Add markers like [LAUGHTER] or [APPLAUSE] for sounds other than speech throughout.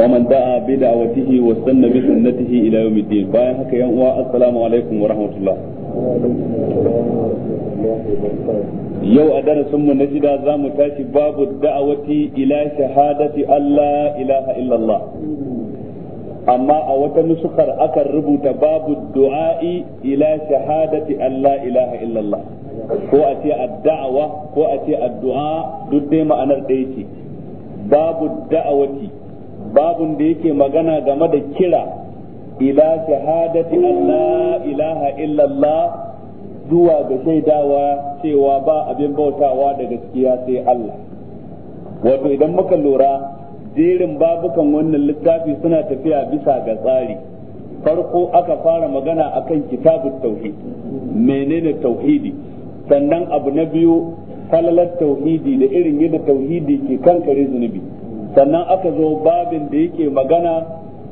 ومن دعا بدعوته واستنى بسنته الى يوم الدين باي هكا يا السلام عليكم ورحمه الله yau a darasinmu na shida za mu tashi babu da'awati ila shahadati Allah ilaha illallah amma a wata nusukar aka rubuta babu du'a'i ila shahadati Allah ilaha illallah ko a ce addawa ko a ce addu'a duk dai ma'anar ɗaya ce babu da'awati babun da yake magana game da kira ila shahadati Allah ilaha illallah zuwa ga shaidawa cewa ba abin bautawa da gaskiya sai Allah wato idan muka lura jerin babukan wannan littafi suna tafiya bisa ga tsari farko aka fara magana akan kitabut tauhid menene tauhidi sannan abu na biyu falalar tauhidi da irin yadda tauhidi ke kankare zunubi sannan aka zo babin da yake magana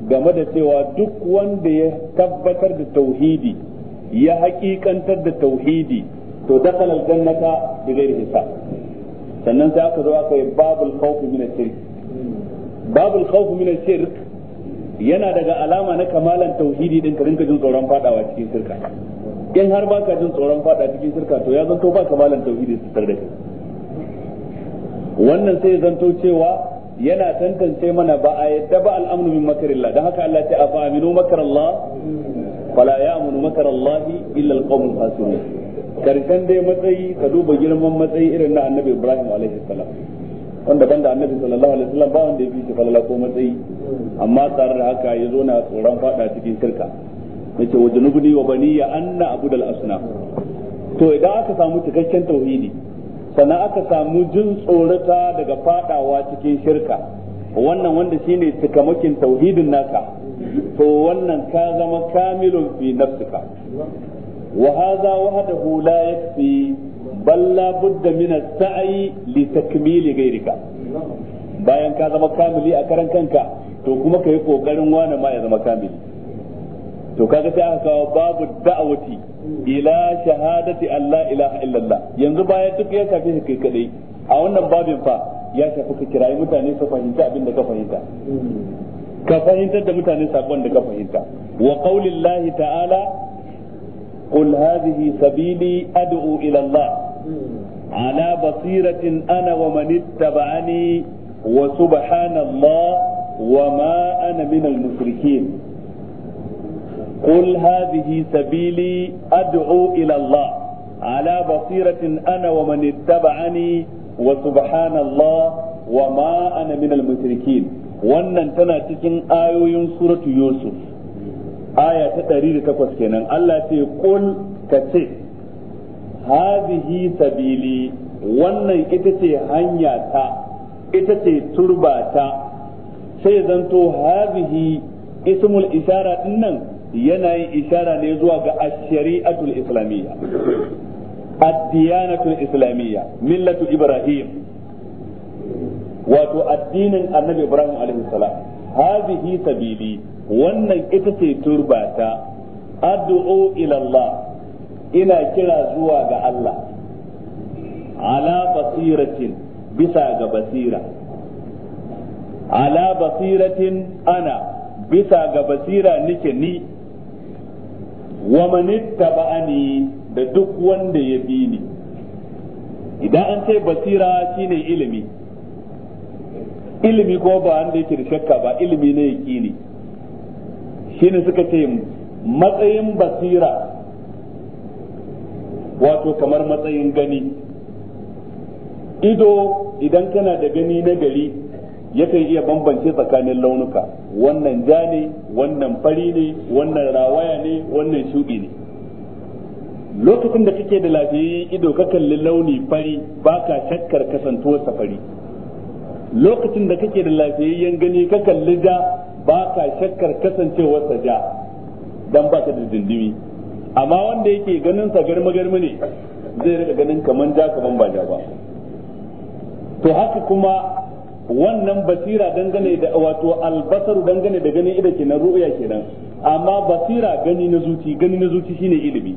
game da cewa duk wanda ya tabbatar da tauhidi ya haƙiƙantar da tauhidi to dakhala aljannata bi ghairi hisab sannan sai aka zo aka yi babul khawf min ash-shirk babul khawf min ash-shirk yana daga alama na kamalan tauhidi din ka rinka jin tsoron fadawa cikin shirka in har baka jin tsoron fada cikin shirka to ya zanto ba kamalan tauhidi su tare da kai wannan sai zanto cewa yana tantance mana ba a yadda ba al'amnu min makarillah dan haka Allah ya ce afa aminu makarallah fala ya'munu makarallahi illa alqawmul fasiqun karshen dai matsayi ka duba girman matsayi irin na annabi Ibrahim alaihi salam wanda banda annabi sallallahu alaihi wasallam ba wanda ya fi shi falala ko matsayi amma tare da haka ya zo na tsoron fada cikin shirka yace wajnubni wa baniya anna abudal asnam to idan aka samu cikakken tauhidi sannan aka samu jin tsorata daga fadawa cikin shirka wannan wanda shine cikamakin tauhidin naka to wannan ka zama kamilun fi nafsika wa hadha wahdahu la yakfi bal la budda min as-sa'i li takmili ghayrika bayan ka zama kamili a karan kanka to kuma kai kokarin wani ma ya zama kamili to kaga sai aka kawo babu da'awati ila shahadati Allah ilaha illallah yanzu baya duk ya shafi kai kadai a wannan babin fa ya shafi ka kirayi mutane su fahimta abin da ka fahimta ka fahimtar da mutane sakon da ka fahimta wa qaulillahi ta'ala qul hadhihi sabili ad'u ila Allah ala basiratin ana wa man ittaba'ani wa subhanallah wa ma ana minal mushrikin قل هذه سبيلي أدعو إلى الله على بصيرة أنا ومن اتبعني وسبحان الله وما أنا من المشركين wannan tana cikin ayoyin suratu yusuf aya ta takwas kenan Allah ce kul ka ce hazihi sabili wannan ita ce hanya ta ita ce turba ta sai zanto hazihi ismul isara din nan yana yin ishara ne zuwa ga ash-shari'atul islamiyya ad-diyanatul islamiyya millatu ibrahim wato addinin annabi ibrahim alaihi salam hadhihi sabili wannan ita ce turbata addu'u ila Allah ina kira zuwa ga Allah ala basiratin bisa ga basira ala basiratin ana bisa ga basira nike ni wa man ittaba'ani da duk wanda ya bi ni idan an ce basira shine ilimi ilimi ko ba wanda yake da shakka ba ilimi ne yaqini shine suka ce matsayin basira wato kamar matsayin gani ido idan kana da gani na gari yakan iya bambance tsakanin launuka wannan ja ne wannan fari ne wannan rawaya ne wannan shuɗi ne lokacin da kake da lafiyayye ido ka kalli launi fari baka shakkar kasantuwarsa fari lokacin da kake da lafiyayyen gani ka kalli ja baka shakkar kasancewar sa ja dan ka da dindimi amma wanda yake ganin sa garma garma ne zai rika ganin kaman ja kaman ba ja ba to haka kuma wannan basira dangane da wato albasaru dangane da gani ido kenan ru'ya kenan amma basira gani na zuci gani na zuci shine ilimi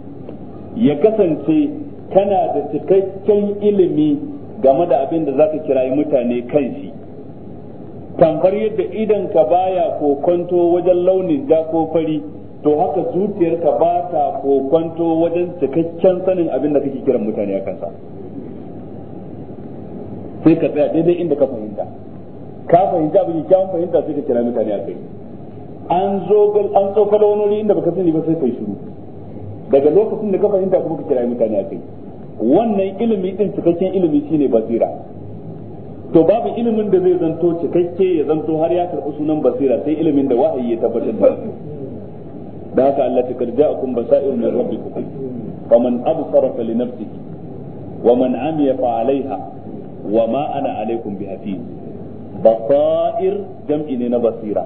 ya kasance kana da cikakken ilimi game da abin da zaka kirayi mutane kansi. shi tamfar yadda idan ka baya kokonto wajen launin ja ko fari to haka zuciyarka ba ta kokonto wajen cikakken sanin abin da kake kiran mutane a kansa sai ka tsaya daidai inda ka fahimta ka fahimta abin kyawun fahimta sai ka kira mutane a kai an zo an tsokala wani wuri inda baka sani ba sai kai shiru daga lokacin da ka fahimta kuma ka kira mutane a kai wannan ilimi din cikakken ilimi shine basira to babu ilimin da zai zanto cikakke ya zanto har ya karɓi sunan basira sai ilimin da wahayi ya tabbatar da da haka Allah ta karja akum basairu min rabbikum man absara fa li nafsihi wa man amiya fa alaiha wa ma ana alaikum bihafiz basair jam'i ne na basira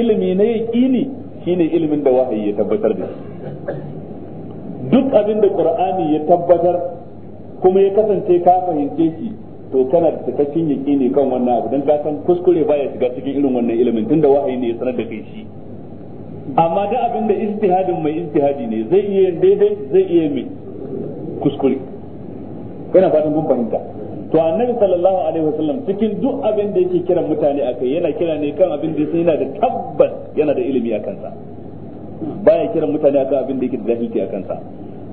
ilimi na yaqini shine ilimin da wahayi ya tabbatar da duk abin da qur'ani ya tabbatar kuma ya kasance ka fahimce shi to kana da cikakken yaqini kan wannan abu dan ka san kuskure baya shiga cikin irin wannan ilimin tunda wahayi ne ya sanar da kai shi amma da abin da istihadin mai istihadi ne zai iya daidai zai iya mai kuskure kana fatan kun fahimta to annabi sallallahu alaihi wasallam cikin duk abin da yake kiran mutane akai yana kira ne kan abin da yana da tabbas yana da ilimi a kansa baya kiran mutane akan abin da yake da jahilci a kansa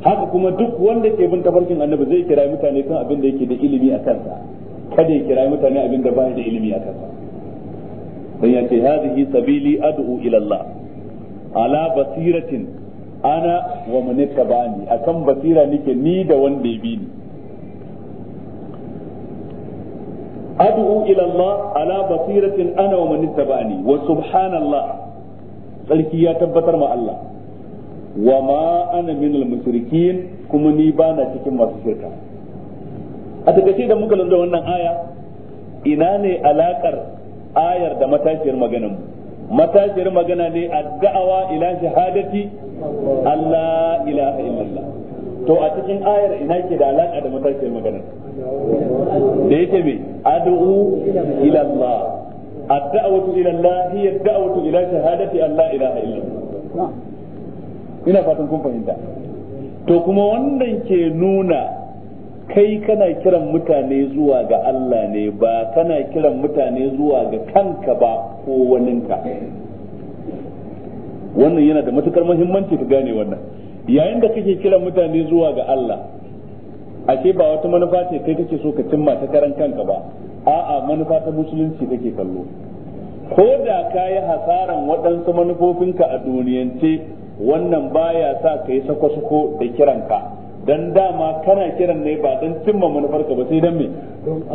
haka kuma duk wanda ke bin tafarkin annabi zai kira mutane kan abin da yake da ilimi a kansa kada ya kira mutane abin da baya da ilimi a kansa dan ya ce hadhihi sabili ad'u ila Allah ala basiratin ana wa man akan basira nake ni da wanda ya bi ni ad'u ila Allah ala basiratin ana wa man ittaba'ani wa subhanallah sarki ya tabbatar ma Allah wa ma ana min al-mushrikin kuma ni bana cikin masu shirka a takaice da muka lura wannan aya ina ne alaƙar ayar da matashiyar maganar mu matashiyar magana ne addu'a ila shahadati Allah ilaha to a cikin ayar ina ke da alaka da matakiyar magana da yake me ad'u ila Allah ad'awatu ila Allah hiya ad'awatu ila shahadati an la ilaha illa ina fatan kun fahimta to kuma wannan ke nuna kai kana kiran mutane zuwa ga Allah ne ba kana kiran mutane zuwa ga kanka ba ko waninka wannan yana da matukar muhimmanci ka gane wannan yayin da kake kiran mutane zuwa ga Allah ashe ba wata manufa ce kai kake so ka cimma ta karan kanka ba a'a manufa ta musulunci kake kallo ko da ka yi hasaran waɗansu manufofinka a duniyance wannan baya sa ka yi sako-sako da kiranka dan dama kana kiran ne ba dan cimma manufarka ba sai dan me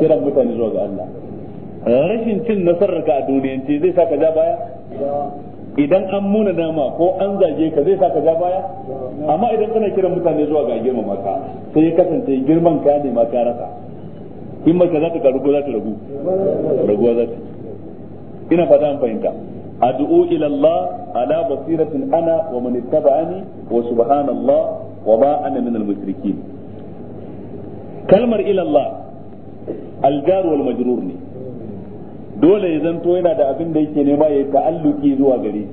kiran mutane zuwa ga Allah rashin cin nasararka a duniyance zai sa ka ja baya idan an muna nama ko an zage ka zai sa ka ja baya amma idan kana kiran mutane zuwa ga girmama ka sai ya kasance girman ka ne ma ka rasa za ta za ta ragu raguwa za ta ina fata an fahimta ad'u ila Allah ala basiratin ana wa man ittaba'ani wa subhanallah wa ba ana min al-mushrikin kalmar ila Allah al-jar wal majrur ne dole ya zanto yana da abin da yake nema ya ta'alluki zuwa gare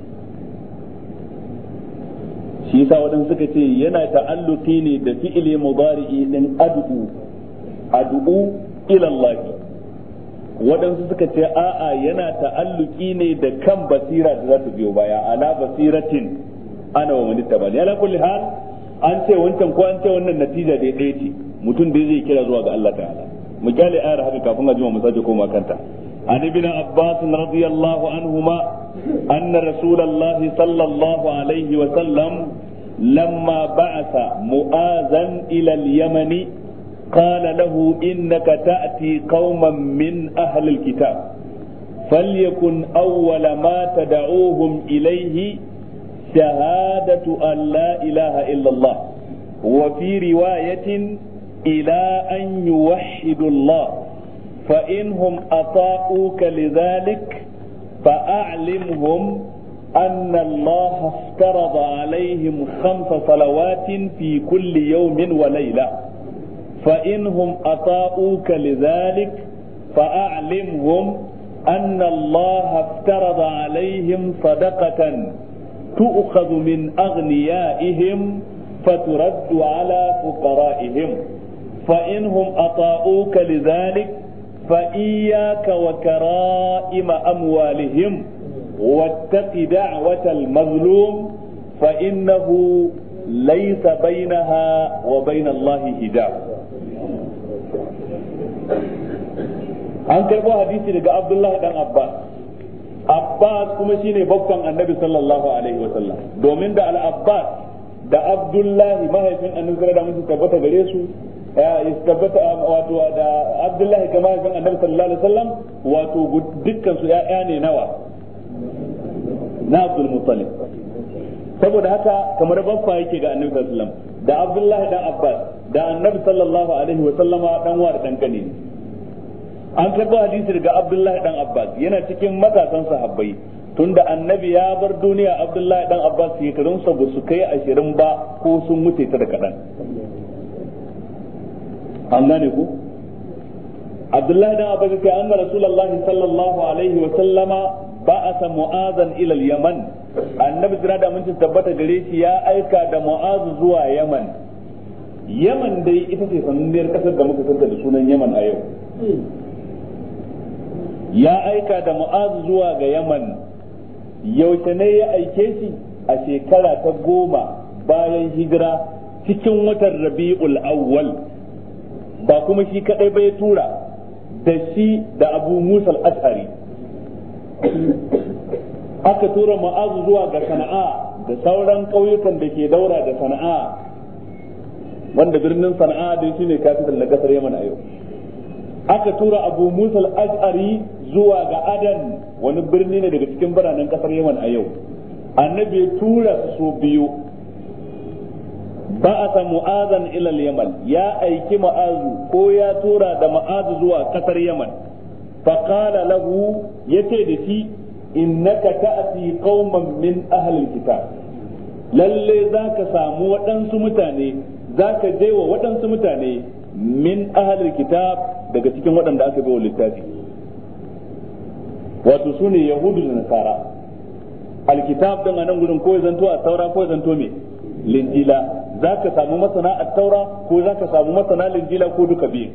shi yasa wadan suka ce yana ta'alluki ne da fi'ili mudari'i din ad'u ad'u ila Allah Waɗansu suka ce a'a yana ta'alluki ne da kan basira da za ta biyo baya ala basiratin ana wa wani tabani ala kulli hal an ce wancan ko an ce wannan natija da ɗaya ce mutum da zai kira zuwa ga Allah ta'ala mu kyale ayar haka kafin a jima mu sake koma kanta عن ابن عباس رضي الله عنهما أن رسول الله صلى الله عليه وسلم لما بعث مؤاذا إلى اليمن قال له إنك تأتي قوما من أهل الكتاب فليكن أول ما تدعوهم إليه شهادة أن لا إله إلا الله وفي رواية إلى أن يوحدوا الله فإنهم أطاؤوك لذلك فأعلمهم أن الله افترض عليهم خمس صلوات في كل يوم وليلة فإنهم أطاؤوك لذلك فأعلمهم أن الله افترض عليهم صدقة تؤخذ من أغنيائهم فترد على فقرائهم فإنهم أطاؤوك لذلك fa iyyaka wa kara'ima amwalihim wattaqi wata mazlum fa innahu laysa bainaha wa an karbo hadisi daga Abdullah dan Abbas Abbas kuma shine babban annabi sallallahu alaihi wasallam domin da al-Abbas da abdullahi mahaifin annabi da alaihi tabbata gare su ya tabbata ah, wato ah, da abdullahi ga mahaifin annabi sallallahu alaihi wasallam wato dukkan su ya'ya ne nawa na abdul muttalib saboda haka kamar babba yake ga annabi sallallahu alaihi wasallam da abdullahi dan abbas da annabi sallallahu alaihi wasallam ah, dan war dan kane an karbo hadisi daga abdullahi dan abbas yana cikin matasan sahabbai tunda annabi ya bar duniya abdullahi dan abbas sa ba su kai ashirin ba ko sun wuce ta da kaɗan an gane ku abdullahi dan abbas ya anna rasulullahi sallallahu alaihi wa sallama ba'asa mu'azan ila yaman annabi jira da mun tabbata gare shi ya aika da mu'az zuwa yaman yaman dai ita ce sananniyar kasar da muka santa da sunan yaman a yau ya aika da mu'az zuwa ga yaman yaushe ne ya aike shi a shekara ta goma bayan hijira cikin watan rabi'ul awwal ba kuma shi kadai ba ya tura da shi da abu musa al'ashari aka tura ma'azu zuwa ga sana'a da sauran ƙauyukan da ke daura da sana'a wanda birnin sana'a dai shine kafin na kasar yaman a yau aka tura abu musa al zuwa ga adan wani birni ne daga cikin biranen kasar yaman a yau annabi tura su biyu ba'atha mu'azan ila yaman ya aiki mu'azu ko ya tura da ma'azu zuwa kasar yaman fa qala lahu yace da shi innaka ta'ti qauman min ahli kitab lalle zaka samu waɗansu mutane zaka je wa waɗansu mutane min ahlil kitab daga cikin waɗanda aka bai wa littafi wato su ne yahudu da nasara alkitab din a nan gurin ko zanto a taura ko zanto me linjila za ka samu masana a taura ko za ka samu masana linjila ko duka biyu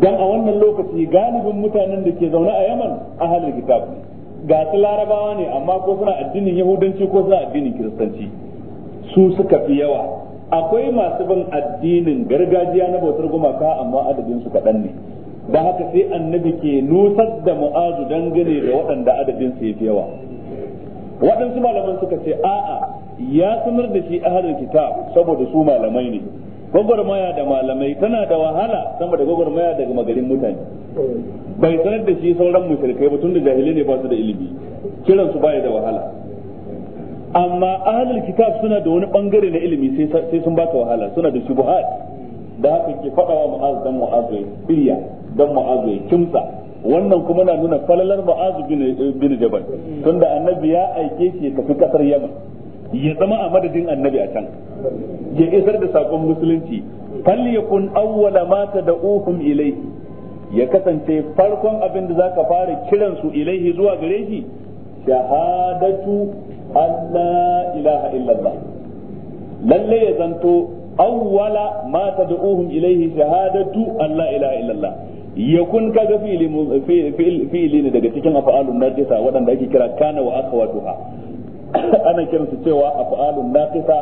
dan a wannan lokaci galibin mutanen da ke zaune a yaman ahalin kitab ga su larabawa ne amma ko suna addinin yahudanci ko suna addinin kiristanci su suka fi yawa akwai masu bin addinin gargajiya na bautar gumaka amma adadin su kaɗan ne da haka sai annabi ke nusar da mu'azu dangane da waɗanda adadin su yafi yawa waɗansu malaman suka ce a'a ya sanar da shi ahlul kitab saboda su malamai ne gwagwarmaya da malamai tana da wahala sama da gwagwarmaya daga magarin mutane bai sanar da shi sauran mushrikai ba tun da jahilai ne ba su da ilimi kiran su baya da wahala amma ahlul kitab suna da wani bangare na ilimi sai sun baka wahala suna da shubuhat da haka ke fada wa mu'az dan mu'az bai dan mu'az bai kimsa wannan kuma na nuna falalar mu'az bin jabal tunda annabi ya aike shi ya tafi kasar yaman ya zama a madadin annabi a can ya isar da sakon musulunci falyakun awwala ma tad'uhum ilayhi ya kasance farkon abin da zaka fara kiransu ilaihi zuwa gare shi shahadatu Allah ilaha illallah lalle ya zanto awwala ma tad'uhum ilayhi shahadatu Allah ilaha illallah yakun kaga fi'li fi'li ne daga cikin af'alun najisa waɗanda ake kira kana wa akhawatuha [COUGHS] ana kiransu cewa af'alun naqisa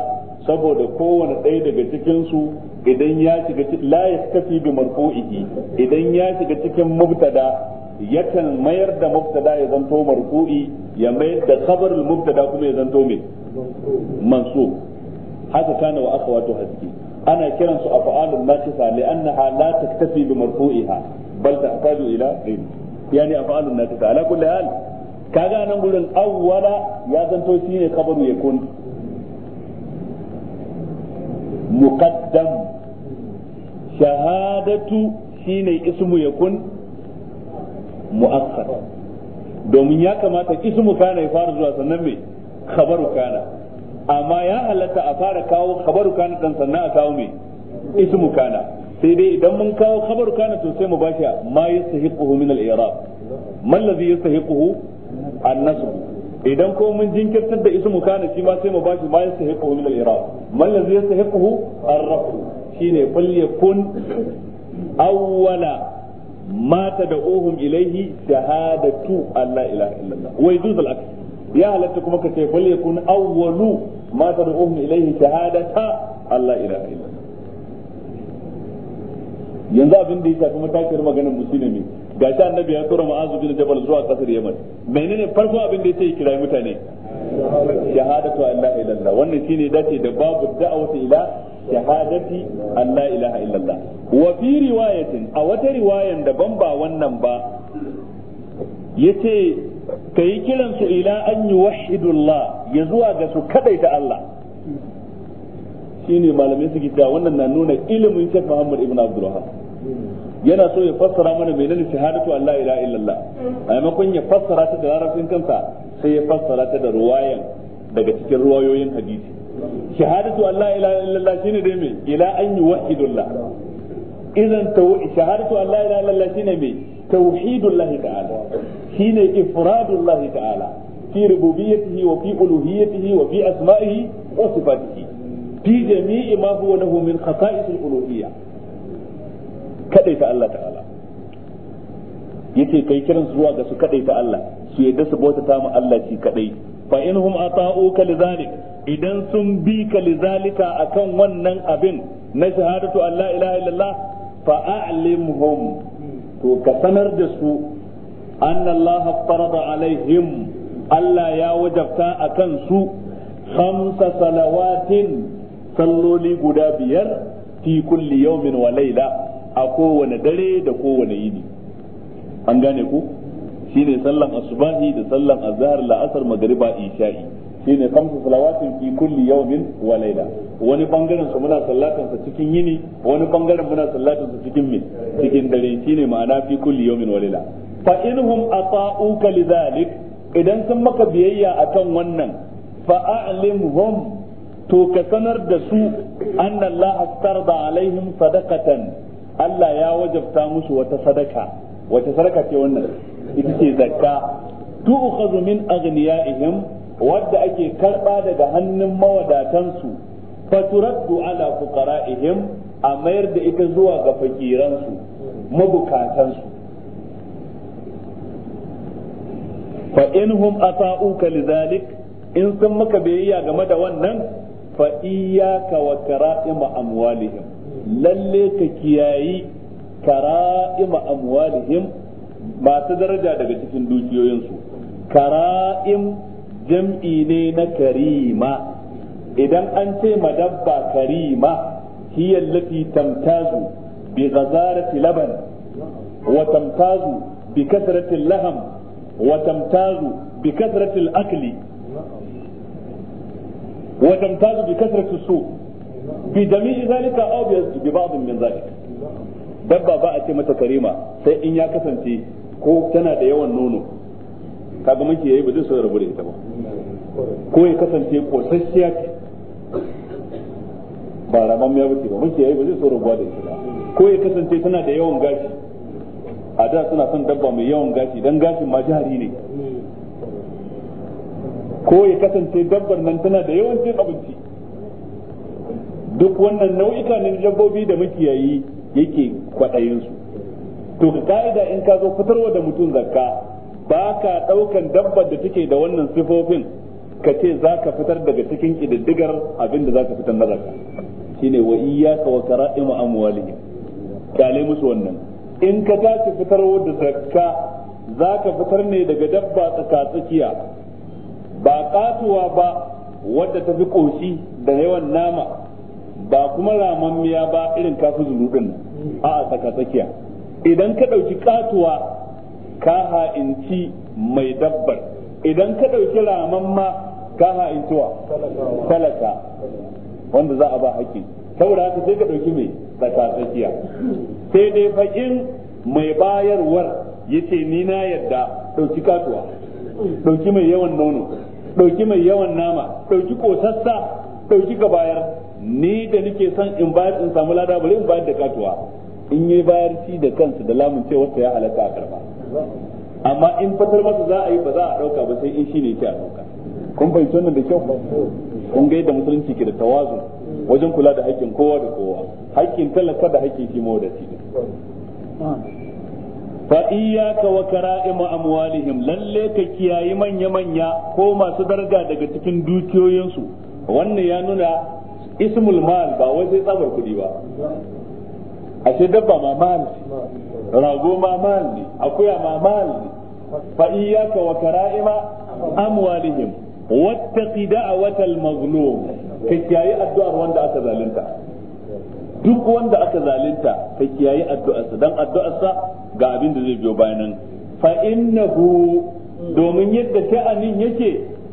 saboda kowane ɗaya daga cikinsu idan ya shiga la kafi bi marfu'ihi idan ya shiga cikin mubtada yakan mayar da mubtada ya zanto marfu'i ya mayar da khabarul mubtada kuma ya zanto mai mansub haka kana wa akhawatu haske ana kiran su af'alun naqisa li'annaha la taktafi bi marfu'iha bal tahtaju ila ilm yani af'alun naqisa ala kulli hal kaga nan gurin awwala ya zanto shine khabaru yakun muqaddam shahadatu shine ismu yakun mu'akhkhar domin ya kamata ismu kana ya fara zuwa sannan me khabaru kana amma ya halatta a fara kawo khabaru kana dan sannan a kawo me ismu kana sai dai idan mun kawo khabaru kana to sai mu bashi ma yastahiquhu min al-i'rab man alladhi yastahiquhu an-nasb idan ko mun jinkirtar da ismu kana shi ma sai mu bashi ma yastahiqu min al iraq man allazi yastahiqu ar-rafu shine fal yakun awwala ma tad'uhum ilayhi shahadatu an la ilaha illallah wa yujuz al-aks ya halatta kuma ka ce fal yakun awwalu ma tad'uhum ilayhi shahadata an la ilaha illallah yanzu abin da ya shafi matakiyar maganar musulmi ga shi annabi ya tura ma'azu bin jabal zuwa kasar yaman menene farko abin da yace kira mutane shahadatu an la ilaha illallah wannan shine dace da babu da'awati ila shahadati an la ilaha illallah wa fi riwayatin a wata riwayan daban ba wannan ba yace kai kiran su ila an yuwahhidullah ya zuwa ga su kadaita Allah shine malamai suke cewa wannan na nuna ilimin Sheikh Muhammad ibn Abdul yana so ya fassara mana menene shahadatu Allah ila illallah a maimakon ya fassara ta da larabcin kansa sai ya fassara ta da ruwayan daga cikin ruwayoyin hadisi shahadatu Allah ila illallah shine dai me ila an yuwahidullah idan shahadatu Allah ila illallah shine me tauhidullah ta'ala shine ifradullah ta'ala fi rububiyyatihi wa fi uluhiyyatihi wa fi asma'ihi wa sifatihi fi jami'i ma huwa lahu min khasa'is al-uluhiyyah ta Allah ta'ala yace kai kiran zuwa ga su ta Allah su yadda su bauta ta mu Allah shi kadai fa inhum ata'uka lidhalik idan sun bi ka lidhalika akan wannan abin na shahadatu an la ilaha illallah fa a'limhum to ka sanar da su anna Allah farada alaihim Allah ya wajabta akan su khamsa salawatin salloli guda biyar fi kulli yawmin wa layla a kowane dare da kowane yini an gane ku Shi ne sallan asubahi da sallan azhar la'asar magriba isha'i ne kamsu salawatin fi kulli yawmin wa layla wani bangaren su muna sallatan sa cikin yini wani bangaren muna sallatan sa cikin min cikin dare shi ne ma'ana fi kulli yawmin wa layla fa inhum ata'uka lidhalik idan sun maka biyayya akan wannan fa a'limhum to ka sanar da su annallaha tarda alaihim sadaqatan Allah ya wajabta musu wata sadaka wata sadaka ce wannan ita ce zakka tu'khadhu min aghniyaihim wadda ake karba daga hannun mawadatansu turaddu ala fuqara'ihim a mayar da ita zuwa ga fakiransu mabukatansu fa inhum ata'uka lidhalik in sun maka biyayya game da wannan fa iyyaka wa kara'ima amwalihim lalle ka kiyayi kara'ima amwalihim masu daraja daga cikin dukiyoyinsu kara'im jam'i ne na karima idan an ce madabba karima hiya allati tamtazu bi ghazarati laban wa tamtazu bi kasrati laham wa tamtazu bi kasrati al-akli wa tamtazu bi kasrati su bi jami'i zalika aw bi ba'd min zalika dabba ba a ce mata karima sai in ya kasance ko tana da yawan nono kaga miki yayi ba zai so rubure da ita ba ko ya kasance kosasshiya ce ba raman ya bace ba miki yayi ba zai so rabuwa da ita ba ko ya kasance tana da yawan gashi a da suna son dabba mai yawan gashi dan gashin ma jihari ne ko ya kasance dabbar nan tana da yawan cin abinci duk wannan nau'ika ne dabbobi da makiyayi yake kwaɗayinsu su to ka ka'ida in ka zo fitarwa da mutum zakka ba ka ɗaukan dabbar da take da wannan sifofin ka ce za ka fitar daga cikin ƙididdigar abin da za ka fitar na zakka shine wa iyyaka wa kara'imu amwalihim kale musu wannan in ka tashi fitarwa da zakka za ka fitar ne daga dabba tsakatsakiya ba ƙatuwa ba wadda ta fi ƙoshi da yawan nama ba kuma ramammiya ba irin kafin zurudin a a tsakatsakiya idan ka ɗauki katuwa ka ha'inci mai dabbar idan ka ɗauki ramamma ka ha'intuwa talaka wanda za a ba haƙƙi saboda haka sai ka ɗauki mai tsakatsakiya sai dai faƙin mai bayarwar yace ni na yadda ɗauki katuwa ɗauki mai yawan nono ɗauki mai yawan nama ɗauki ƙosassa ɗauki ka bayar ni da nake son in bayar in samu lada bari in bayar da katuwa in yi bayar shi da kansa da lamun cewa ya alaka a karba amma in fatar masa za a yi ba za a dauka ba sai in shine ne a dauka kun fahimci wannan da kyau kun ga yadda musulunci ke da tawazu wajen kula da haƙƙin kowa da kowa haƙƙin talaka da haƙƙin shi da shi fa iyyaka wa kara'im amwalihim lalle ka kiyayi manya manya ko masu daraja daga cikin dukiyoyinsu wannan ya nuna ismul mal ba wai sai tsabar kuɗi ba ashe dabba ma mal ne rago ma mal ne akuya ma mal ne fa iyyaka wa kara'ima amwalihim wattaqi da'watal mazlum ka kiyaye addu'ar wanda aka zalunta duk wanda aka zalunta ka kiyaye sa dan addu'arsa ga abin da zai biyo bayanan nan fa innahu domin yadda sha'anin yake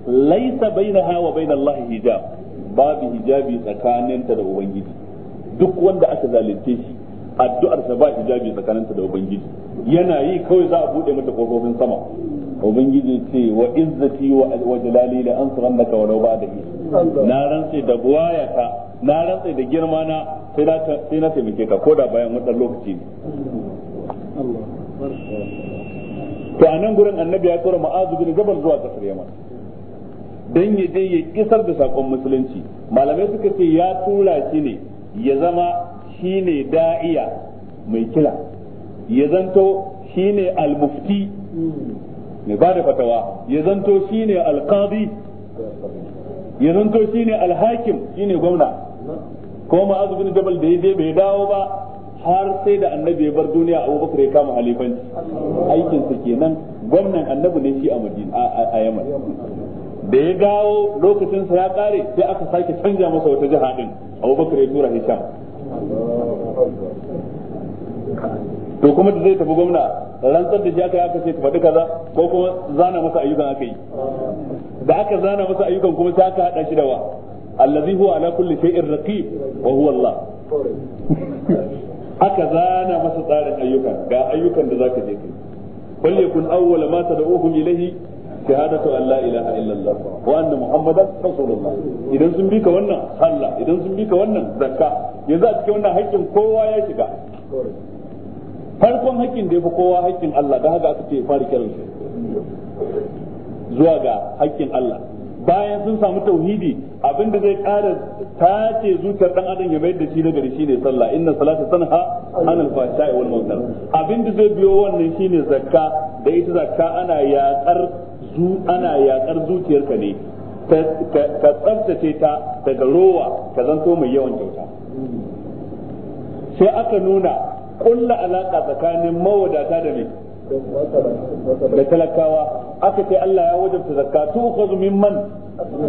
laisa bainaha wa bainallahi hijab babu hijabi tsakaninta da ubangiji duk wanda aka zalunce shi addu'ar sa ba hijabi tsakaninta da ubangiji yana yi kawai za a bude mata kofofin sama ubangiji ce wa izzati wa jalali la ansurannaka wa law ba'da na rantse da ka na rantse da girma na sai na sai na taimake ka koda bayan wadan lokaci ne to a nan gurin annabi ya tura ma'azu bin jabal zuwa kasar yaman dan ya je ya kisar da sakon musulunci malamai suka ce ya tura shi ne ya zama shine da'iya mai kila ya zanto shine almufti mai ba da fatawa ya zanto shine alqadi ya zanto shine alhakim shine gwamna ko ma'azu bin jabal da ya je bai dawo ba har sai da annabi ya bar duniya abu bakar ya kama halifanci aikinsa kenan gwamnan annabi ne shi a madina a yaman da ya gawo lokacin sa ya kare sai aka sake canja masa wata jiha din abu Bakar ya tura Hisham to kuma da zai tafi gwamna rantsar da shi aka yi aka ce faɗi kaza ko kuma zana masa ayyukan aka yi da aka zana masa ayyukan kuma sai aka haɗa shi da wa allazi huwa ala kulli shay'in raqib wa huwa Allah aka zana masa tsarin ayyuka ga ayyukan da zaka je kai bal kun awwala ma tad'uhum ilayhi shahadatu an la ilaha illallah wa anna muhammadan rasulullah idan sun bika wannan sallah idan sun bika wannan zakka yanzu a cikin wannan haƙƙin kowa ya shiga farkon haƙƙin da yafi kowa haƙƙin Allah da haka aka ce fara kiran zuwa ga haƙƙin Allah bayan sun samu tauhidi abinda zai ƙara tace zuciyar dan adam ya mai da shi da gari shine sallah inna salata tanha anil fahsha'i wal munkar abinda zai biyo wannan shine zakka da ita zakka ana yaƙar zu ana yaƙar zuciyarka ne ka tsaftace ta daga rowa ka zanto mai yawan kyauta sai aka nuna kulla alaka tsakanin mawadata da mai da talakawa aka ce Allah ya wajabta zakka tu khazu mimman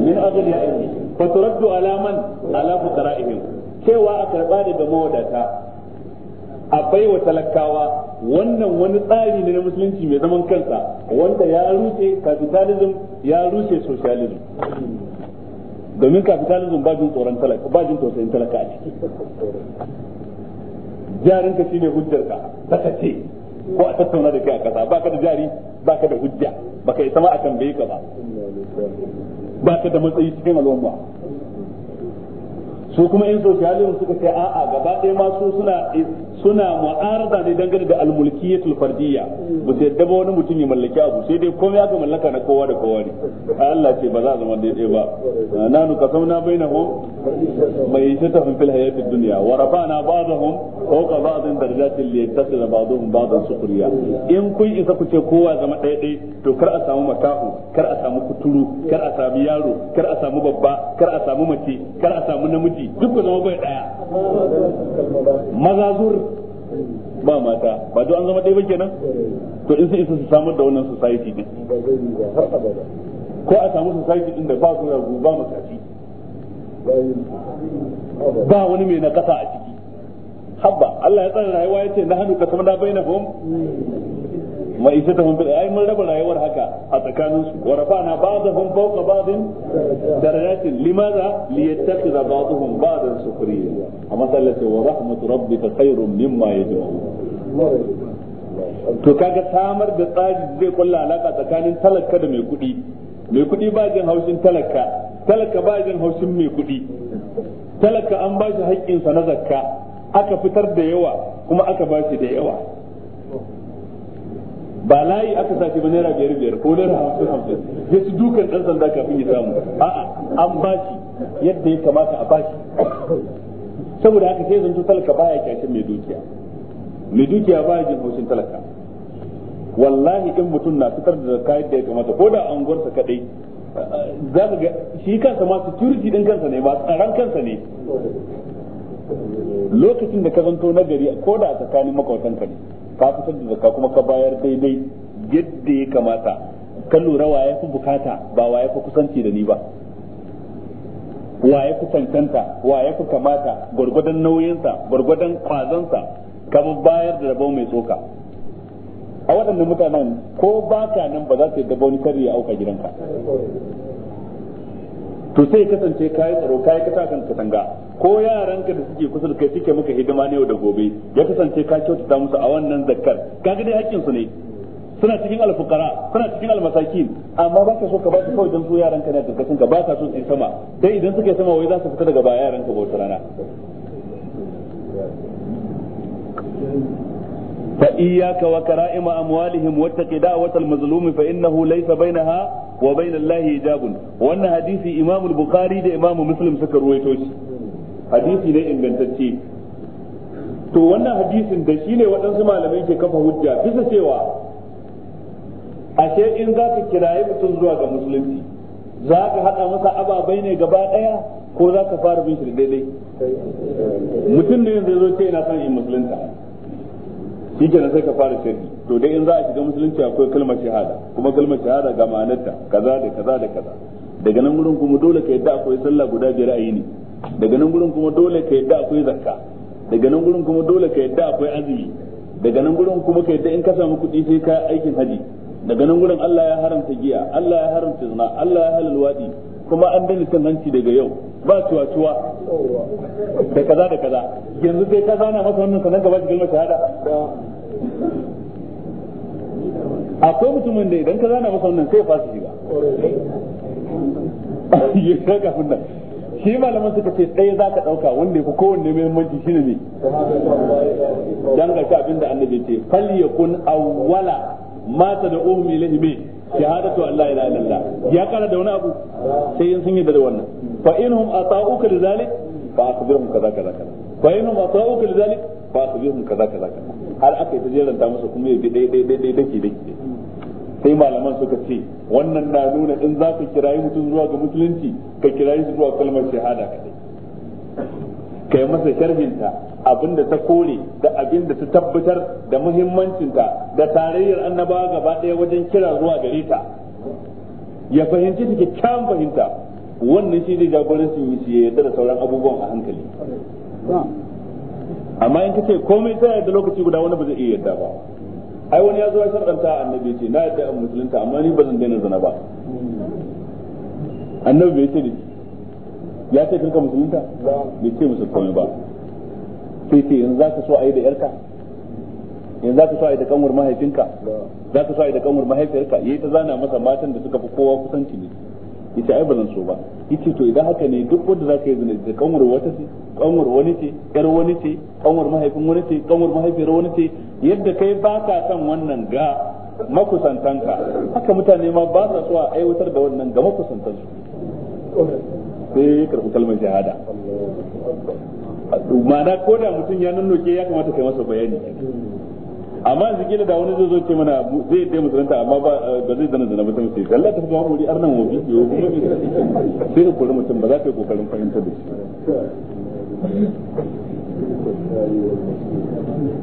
min aghniyaihim fa turaddu ala man ala fuqara'ihim cewa a karba da mawadata a baiwa talakawa wannan wani tsari ne na musulunci mai zaman kansa wanda ya rushe capitalism ya rushe socialism domin capitalism ba jin tsoron talaka ba jin tausayin talaka a ciki jarinka shine hujjarka sakace ko a tattauna da kai a kasa baka da jari baka da hujja baka isa ma a tambaye ka ba baka da matsayi cikin al'umma su kuma in sosiyalin suka ce a'a gaba ɗaya ma su suna suna mu'arada ne dangane da almulkiyatul fardiyya ba sai da wani mutum ya mallaki abu sai dai komai aka mallaka na kowa da kowa ne Allah ce ba za a zama daidai ba nanu na bainahum mai shatahum fil hayatid dunya wa rafa'na ba'dahum fawqa ba'din darajatin liyattakhidha ba'dahum ba'dan sukhriya in kun isa ku ce kowa zama daidai to kar a samu mataku kar a samu kuturu kar a samu yaro kar a samu babba kar a samu mace kar a samu namiji duk ku zama bai daya maza zur ba mata ba duk an zama ɗaya ba kenan to in sai su samar da wannan society din ko a samu society din da ba su ragu ba makaci ba wani mai na kasa a ciki habba Allah ya tsara rayuwa ya ce na hannu ka sama na bainahum ta bil ai mun raba rayuwar haka a tsakanin su wa rafa'na ba'dahum fawqa ba'din darajatin li liyattakhidha ba'dahum ba'dan sukhriya amma sallatu wa rahmatu rabbika khairum mimma yajma'u to kaga samar da tsari zai kulla alaka tsakanin talaka da mai kuɗi mai kuɗi ba jin haushin talaka talaka ba jin haushin mai kuɗi talaka an ba shi haƙƙinsa na zakka aka fitar da yawa kuma aka ba shi da yawa ba layi aka sashi ba naira biyar biyar ko naira hamsin hamsin ya ci dukan ɗan sanda kafin ya samu a'a an ba shi yadda ya kamata a ba shi saboda haka sai zan talaka baya kyashin mai dukiya mai dukiya ba ya jin haushin talaka wallahi in mutum na fitar da zakka yadda ya kamata ko da anguwarsa kadai za ka ga shi kansa ma security din kansa ne ba tsaron kansa ne lokacin da ka zanto na gari ko da a tsakanin makautanka ne ka fitar da zakka kuma ka bayar daidai yadda ya kamata ka lura wa ya fi bukata ba wa ya fi kusanci da ni ba wa ya fi cancanta wa ya fi kamata gwargwadon nauyinsa gwargwadon kwazonsa kamar bayar da rabo mai tsoka a waɗannan mutanen ko baka nan ba za su yi dabo wani ya auka gidanka to sai kasance kayi tsaro kayi kata kan katanga ko yaranka da suke kusa da kai suke maka hidima ne yau da gobe ya kasance ka kyautata musu a wannan zakkar kaga dai hakkin su ne suna cikin alfukara suna cikin almasakin amma ba ka so ka ba su kawai don su ka ne da ba ka so su sama sai idan suke sama wai za su fita daga baya ka ba wata rana فإياك وكرائم أموالهم واتق دعوة المظلوم فإنه ليس بينها وبين الله إجاب وأن حديث إمام البخاري ده إمام مسلم سكر ويتوش حديث ده إن بنتتي to wannan hadisin da shine waɗansu malamai ke kafa hujja bisa cewa ashe in za ka kiraye mutun zuwa ga musulunci za ka haɗa masa ababai ne gaba ɗaya ko za ka fara bin shi daidai mutum ne zai zo ce ina son in musulunta shi sai ka fara sharhi to dai in za a shiga musulunci akwai kalmar shahada kuma kalmar shahada ga ma'anarta kaza da kaza da kaza daga nan gurin kuma dole ka yadda akwai sallah guda biyar a yini daga nan gurin kuma dole ka yadda akwai zakka daga nan gurin kuma dole ka yadda akwai azumi daga nan gurin kuma ka yadda in ka samu kuɗi sai ka aikin haji daga nan gurin Allah ya haramta giya Allah ya haramta zina Allah ya halal wadi kuma an dani cin hanci daga yau ba cuwa-cuwa da kaza da kaza yanzu sai ka zana masa wannan sanan gaba cikin a akwai mutumin da idan ka zana masa wannan sai fasa shiga [LAUGHS] ya shaka kunna shi malaman suka ce ɗaya za ka ɗauka wanda ya fi kowanne muhimmanci shi ne dan ga abin da annabi ce fal kun awwala umu mai ilayhi shahadatu an la ilaha illallah ya kara da wani abu sai in sun yi da wannan fa inhum ata'uka lidhalik fa akhbirhum kaza kaza kaza fa inhum ata'uka lidhalik fa akhbirhum kaza kaza kaza har aka yi tajiran ta musu kuma ya bi dai dai dai dai dake dake sai malaman suka ce wannan na nuna in za ka kirayi mutum zuwa ga musulunci ka kirayi zuwa kalmar shahada kadai kai masa sharhinta abinda ta kore da abinda ta tabbatar da muhimmancinta da tarayyar annabawa gaba ɗaya wajen kira zuwa gare ta ya fahimci take kyan fahimta wannan shi ne jagorancin yi su yarda da sauran abubuwan a hankali amma in ce komai ta yadda lokaci guda wani ba zai iya yadda ba ai wani ya zo ya a annabi ce na yarda musulunta amma ni ba zan daina zana ba annabi bai ce da ya ce kirka musulunta bai ce musu komai ba sai ce yanzu ka so a yi da yarka yanzu ka so a yi da kanwar mahaifinka ka so a yi da kanwar mahaifiyarka yi ta zana masa matan da suka fi kowa kusanci ne yace ai bazan so ba ce to idan haka ne duk wanda ka yi zina da kanwar wata ce kanwar wani ce yar wani ce kanwar mahaifin wani ce kanwar mahaifiyar wani ce yadda kai ka san wannan ga makusantanka haka mutane ma ba sa so a aiwatar da wannan ga makusantansu sai ya karɓi kalmar shahada ma'ana ko da mutum ya nannoke ya kamata kai masa bayani amma yanzu kila da wani zai zo ce mana zai dai musulunta amma ba zai zana zana ba ta mutu ga Allah ta fito wuri arnan wobi yo kuma sai ka kori mutum ba za ka yi kokarin fahimtar da shi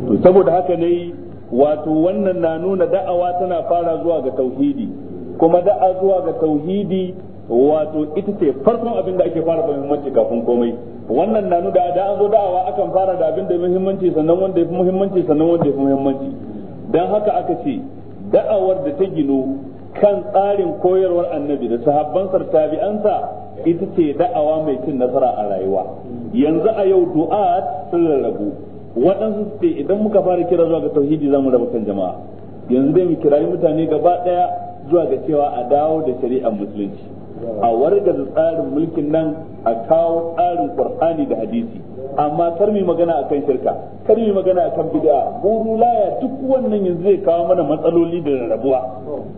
to saboda haka ne wato wannan na nuna da'awa tana fara zuwa ga tauhidi kuma da'a zuwa ga tauhidi wato ita ce farkon abin da ake fara da muhimmanci kafin komai wannan na nuna da an zo da'awa akan fara da abin da muhimmanci sannan wanda fi muhimmanci sannan wanda fi muhimmanci don haka aka ce da'awar da ta gino kan tsarin koyarwar annabi da sahabbansar tabi'ansa ita ce da'awa mai cin nasara a rayuwa yanzu a yau du'a sun rarrabu waɗansu su ce idan muka fara kira zuwa ga tauhidi za mu raba kan jama'a yanzu dai mu kirayi mutane gaba ɗaya zuwa ga cewa a dawo da shari'ar musulunci a da tsarin mulkin nan a kawo tsarin qur'ani da hadisi amma kar mu magana akan shirka kar mu magana akan bid'a guru laya duk wannan yanzu zai kawo mana matsaloli da rarrabuwa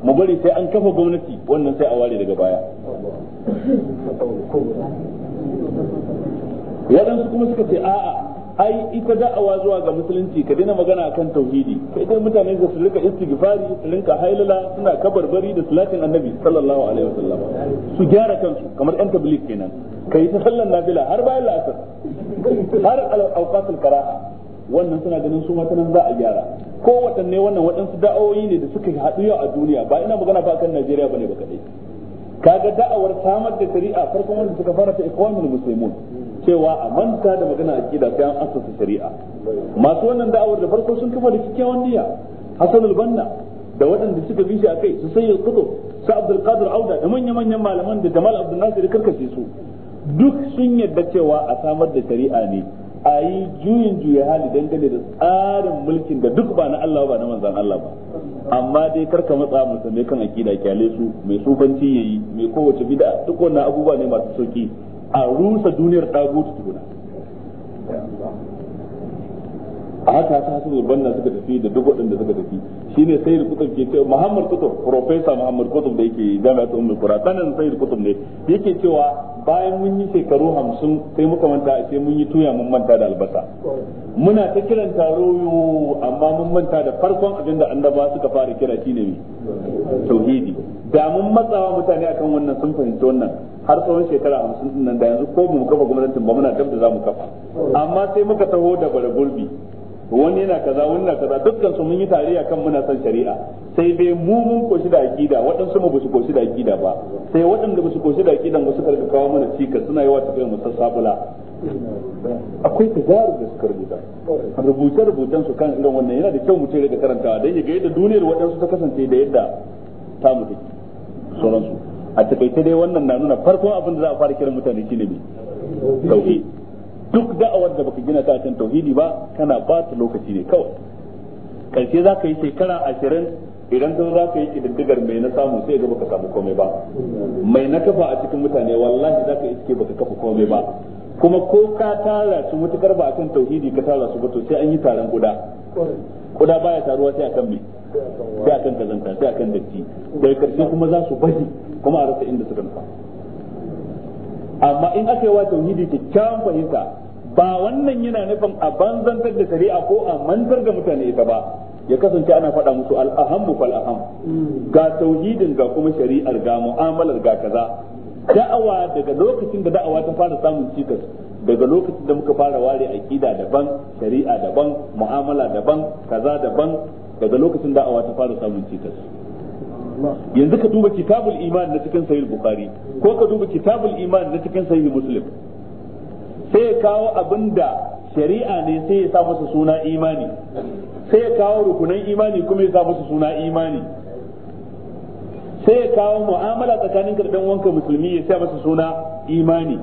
mu bari sai an kafa gwamnati wannan sai a ware daga baya waɗansu kuma suka ce a'a ai ita da'awa zuwa ga musulunci ka daina magana akan tauhidi kai dai mutane su rika istighfari su rinka hailala suna kabarbari da salatin annabi sallallahu alaihi wasallam su gyara kansu kamar yan tabligh kenan kai ta sallan nafila har bayan la'asar har al-awqatul karaha wannan suna ganin su matanan za a gyara ko watanne wannan waɗansu da'awoyi ne da suka haɗu yau a duniya ba ina magana ba kan Najeriya bane ba kadai kaga da'awar samar da shari'a farkon wanda suka fara ta ikhwanul muslimun cewa a manta da magana a aqida sai an asasa shari'a masu wannan da'awar da farko sun kafa da kikkiawan niyya Hassan albanna da waɗanda suka bi shi a kai su sayyid kudu su Abdul Qadir Auda da manya manyan malaman da Jamal Abdul Nasir karkashe su duk sun yarda cewa a samar da shari'a ne a yi juyin juya hali dangane da tsarin mulkin da duk ba na Allah ba na manzan Allah ba amma dai karka matsa musulmai kan akida kyale su mai sufanci yayi mai kowace bid'a duk wannan abubuwa ne masu sauki a rusa duniyar dagutu tukuna a haka haka hasu banna suka tafi da duk waɗanda suka tafi shine sayyid kutub ke cewa muhammad kutub professor muhammad kutub da yake jami'a ta ummul qura sanan sayyid kutub ne yake cewa bayan mun yi shekaru 50 sai muka manta a ce mun yi tuya mun manta da albasa muna ta kiran taro amma mun manta da farkon abin da annaba suka fara kira shi ne tauhidi da mun matsawa mutane akan wannan sun fahimci wannan har tsawon shekara hamsin nan da yanzu ko mu kafa gwamnatin ba muna dab da za mu kafa amma sai muka taho da bara gurbi wani yana kaza wani na kaza dukkan su mun yi tarayya kan muna son shari'a sai bai mu mun koshi da aqida waɗansu mu basu koshi da akida ba sai waɗanda basu koshi da akidan ba karka kawo mana cikas suna yawa tafiyar mu sassabula akwai tazaru da suka rubuta rubuce rubutan su kan irin wannan yana da kyau mutum da karantawa dan ya ga yadda duniyar waɗansu ta kasance da yadda ta mu take sauransu a takaice dai wannan na nuna farkon abin da za a fara kiran mutane shine ne tauhid duk da'awar da baka gina ta kan tauhidi ba kana bata lokaci ne kawai karshe za ka yi shekara ashirin idan ka za ka yi kididdigar mai na samu sai ga baka samu komai ba mai na kafa a cikin mutane wallahi za ka ke baka kafa komai ba kuma ko ka tara su mutukar ba akan tauhidi ka tara su ba sai an yi taron kuda kuda baya taruwa sai akan mai sai akan kazanta sai akan datti daga karshe kuma za su bari kuma a rasa inda suka nufa amma in aka yi wa tauhidi kyakkyawan fahimta ba wannan yana nufin a banzantar da shari'a ko a mantar da mutane ita ba ya kasance ana faɗa musu al'aham mu fal'aham mm. ga tauhidin ga kuma shari'ar ga mu'amalar ga kaza da'awa daga lokacin da da'awa ta fara samun cikas daga lokacin da muka fara ware aƙida daban shari'a daban mu'amala daban kaza daban daga lokacin da'awa ta fara samun cikas yanzu ka duba kitabul iman na cikin sahih bukhari ko ka duba kitabul iman na cikin sahih muslim sai ya kawo abinda shari'a ne sai ya sa masa suna imani sai ya kawo rukunan imani kuma ya sa masa suna imani sai ya kawo mu'amala tsakanin karɗan wanka musulmi ya sa masa suna imani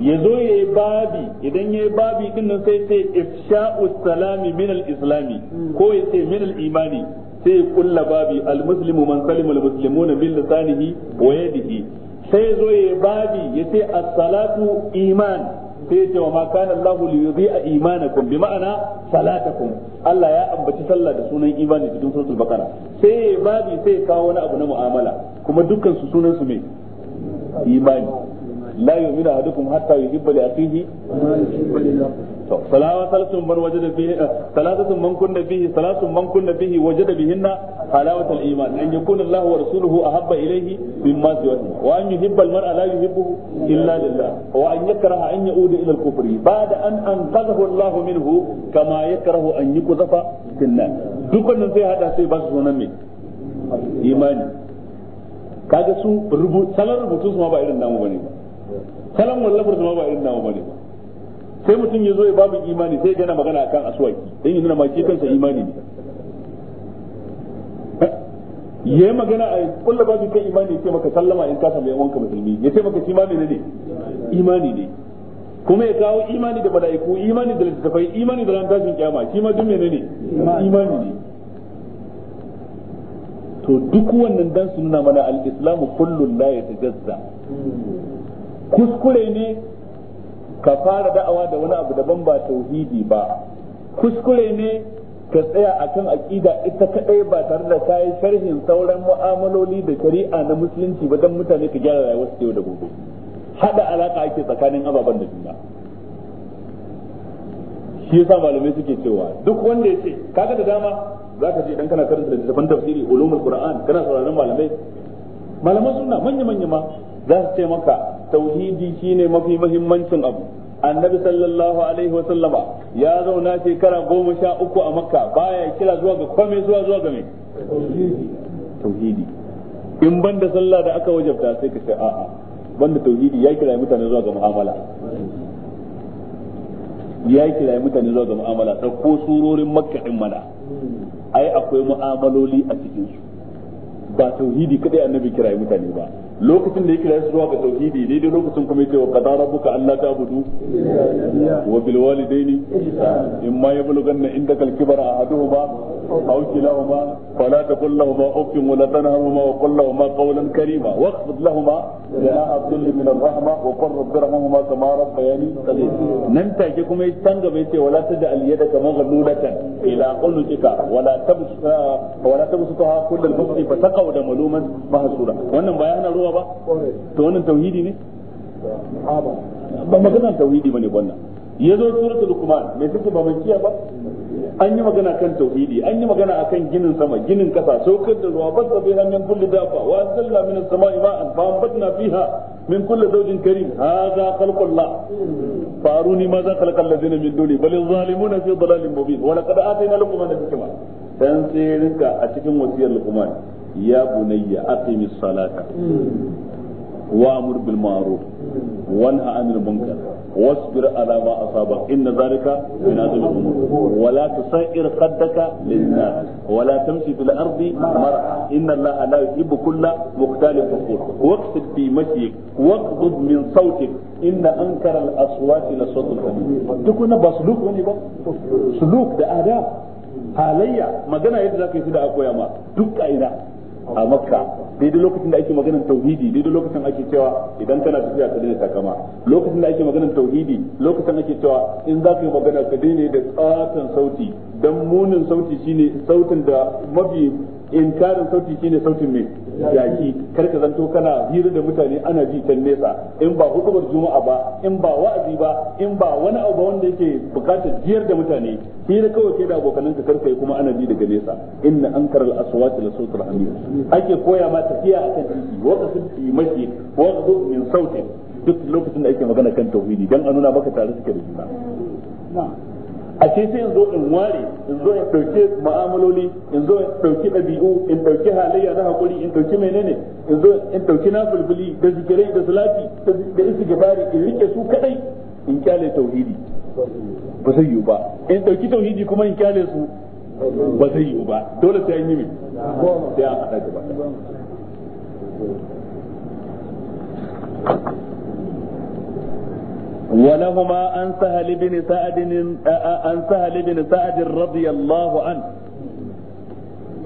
ya zo ya yi babi idan ya yi babi din nan sai sai ifsha'u salami min al-islami ko ya ce min al-imani sai kulla babi almuslimu man salima almuslimuna bil lisanihi wa yadihi sai zo ya babi ya ce as-salatu iman sai ce wa ma kana Allahu li yudhi'a imanakum bi ma'ana salatakum Allah ya ambaci sallah da sunan imani cikin suratul baqara sai ya babi sai kawo wani abu na mu'amala kuma dukkan su sunan su me imani la yu'minu ahadukum hatta yuhibba li akhihi ma yuhibbu to salawa salatun man wajada bihi eh, salatun man kunna bihi salatun man kunna bihi wajada bihinna halawata al-iman an yakuna Allah wa rasuluhu ahabba ilayhi mimma siwahu wa an yuhibba al-mar'a la yuhibbuhu illa lillah wa an yakraha an yauda ila al-kufri ba'da an anqadhahu Allah minhu kama yakrahu an yuqdhafa fil nar dukkan sai hada sai ba su sunan me imani kaga su rubu salar rubutu su ma ba irin namu bane ba salan wallafar su ma ba irin namu bane ba sai mutum ya zo ya babu imani sai yana magana akan aswaki yi nuna ma shi kansa imani ne ya yi magana a kulla babu kan imani ya ce maka sallama in ka samu yan wanka musulmi ya ce maka imani ne imani ne kuma ya kawo imani da mala'iku imani da littattafai imani da ran kyama shi ma ne ne imani ne to duk wannan dan su nuna mana al-islamu kullun la yatajazza hmm. kuskure ne ka fara da'awa da wani abu daban ba tauhidi ba kuskure ne ka tsaya akan aqida ita kadai ba tare da kai sharhin sauran mu'amaloli da shari'a na musulunci ba dan mutane ka gyara rayuwar su yau da gobe hada alaka ake tsakanin ababen da juna shi yasa malamai suke cewa duk wanda ya ce kaga da dama zaka je dan kana karanta littafin tafsiri ulumul qur'an kana sauraron malamai malaman sunna manya manya ma za su ce maka tauhidi shine mafi muhimmancin abu annabi sallallahu alaihi wa sallama ya zauna shekara goma sha uku a makka baya kira zuwa ga kome zuwa zuwa ga me tauhidi in banda sallah da aka wajabta sai ka ce a'a banda tauhidi ya kira mutane zuwa ga mu'amala ya kira mutane zuwa ga mu'amala ɗauko surorin makka din mana ai akwai mu'amaloli a cikin su ba tauhidi kadai annabi kira mutane ba lokacin da ya kira zuwa ga tauhidi daidai lokacin kuma yake wa qadara Allah ta budu. wa bil walidaini imma yablughanna indaka al kibara ahaduhuma aw kilahuma fala taqul lahumā uffin wa la tanharhumā wa qul lahumā qawlan karīmā waqfid lahumā janāha dhilli min ar-rahmā wa qur rabbirhamhumā kamā rabbayani saghīrā nan take kuma ya tanga bai ce wala taj'al yadaka maghlulatan ila qulqika wala tabsutha wala tabsutha kullal basti fataqaw da maluman mahsura wannan bayanan ruwa ba to wannan tauhidi ne ba magana tauhidi bane wannan zo suratul luqman me suke ba makiya ba an yi magana kan tauhidi an yi magana akan ginin sama ginin kasa saukar da ruwa basa biha min kulli dafa wa sallama min as-sama'i ma'an fa anbatna fiha min kulli zawjin karim hadha khalqullah faruni ma za khalaqa allazina min duni bal zalimuna fi dhalalin mubin wa laqad atayna al hikma dan sai rinka a cikin wasiyar lukman ya bunayya aqimis salata وامر بالمعروف وانهى عن المنكر واصبر على ما اصابك ان ذلك من عزم الامور ولا تسائر خدك للناس ولا تمشي في الارض مرحا ان الله لا يحب كل مختال فخور واقصد في مشيك واغضض من صوتك ان انكر الاصوات لصوت الحمير تكون بسلوك وني سلوك ده اداب halayya magana yadda zaka yi da akoya ma duk ka'ida a makka daidai lokacin da ake maganar tauhidi daidai lokacin ake cewa idan kana tafiya ka daina takama lokacin da ake maganar tauhidi lokacin ake cewa in za ka yi magana ka daina da tsatan sauti dan munin sauti shine sautin da mafi inkarin sauti shine sautin mai yaki kar ka zanto kana hira da mutane ana ji can nesa in ba hukumar juma'a ba in ba wa'azi ba in ba wani abu wanda yake bukatar jiyar da mutane hira kawai kai da abokanan ka karkai kuma ana ji daga nesa inna ankara al-aswat la al ake koya ma tafiya akan titi wa qasid fi mashi wa qasid min sautin duk lokacin da ake magana kan tauhidi dan a nuna maka tare suke da juna na'am a ce sai in zo in ware in zo in ɗauki ma'amaloli in zo in ɗauki ɗabi'u in ɗauki halayya na haƙuri in ɗauki menene in zo in ɗauki na bulbuli da zikirai da salati da gabari in rike su kadai in kyale tauhidi ba zai yi ba in ɗauki tauhidi kuma in kyale su ba zai yi ba dole sai an yi mai sai gaba ولهما عن سهل بن سعد عن سهل بن سعد رضي الله عنه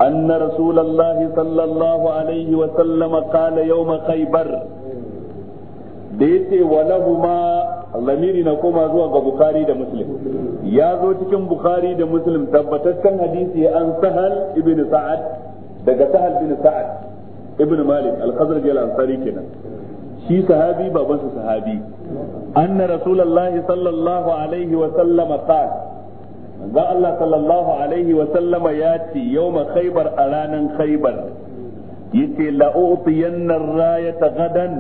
أن رسول الله صلى الله عليه وسلم قال يوم خيبر ديتي ولهما lamiri na koma zuwa ga bukhari da muslim ya zo cikin bukhari da tabbatar tabbataccen hadisi an sahal ibn sa'ad daga sahal bin sa'ad ibn malik al-khazraj al shi sahabi babansa sahabi anna rasulullahi sallallahu alaihi wa sallama qala manzo Allah sallallahu alaihi wa sallama ya ce yawma khaybar a ranan khaybar yace la utiyanna rayata gadan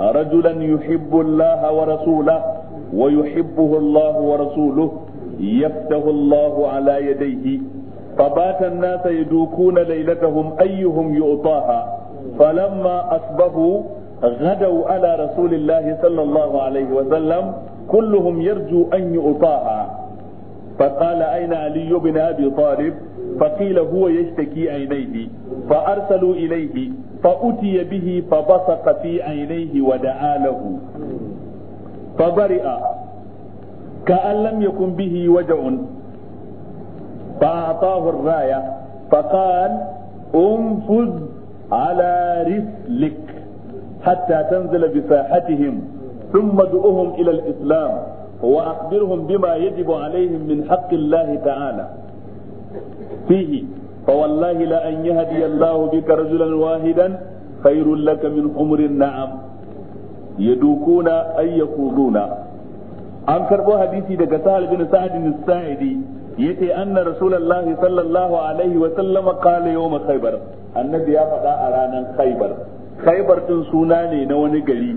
rajulan yuhibbu Allah wa rasulahu wa yuhibbuhu Allah wa rasuluhu yaftahu Allah ala yadayhi فبات الناس يدوكون ليلتهم أيهم يؤطاها فلما أصبحوا غدوا على رسول الله صلى الله عليه وسلم كلهم يرجو أن يؤطاها فقال أين علي بن أبي طالب فقيل هو يشتكي عينيه فأرسلوا إليه فأتي به فبصق في عينيه ودعا له فبرئ كأن لم يكن به وجع فأعطاه الراية فقال انفذ على رسلك hatta tanzila bi sahatihim thumma du'uhum ila al-islam wa akhbirhum bima yajibu alaihim min haqqi Allah ta'ala fihi فوالله لأن يهدي الله بك رجلا واحدا خير لك من حمر النعم يدوكون أي يخوضون an karɓo hadisi daga sahal bin sa'ad bin sa'idi yace anna rasulullah sallallahu alaihi wa sallam qala yawm khaybar annabi ya faɗa a ranar khaybar khaibar din suna ne na wani gari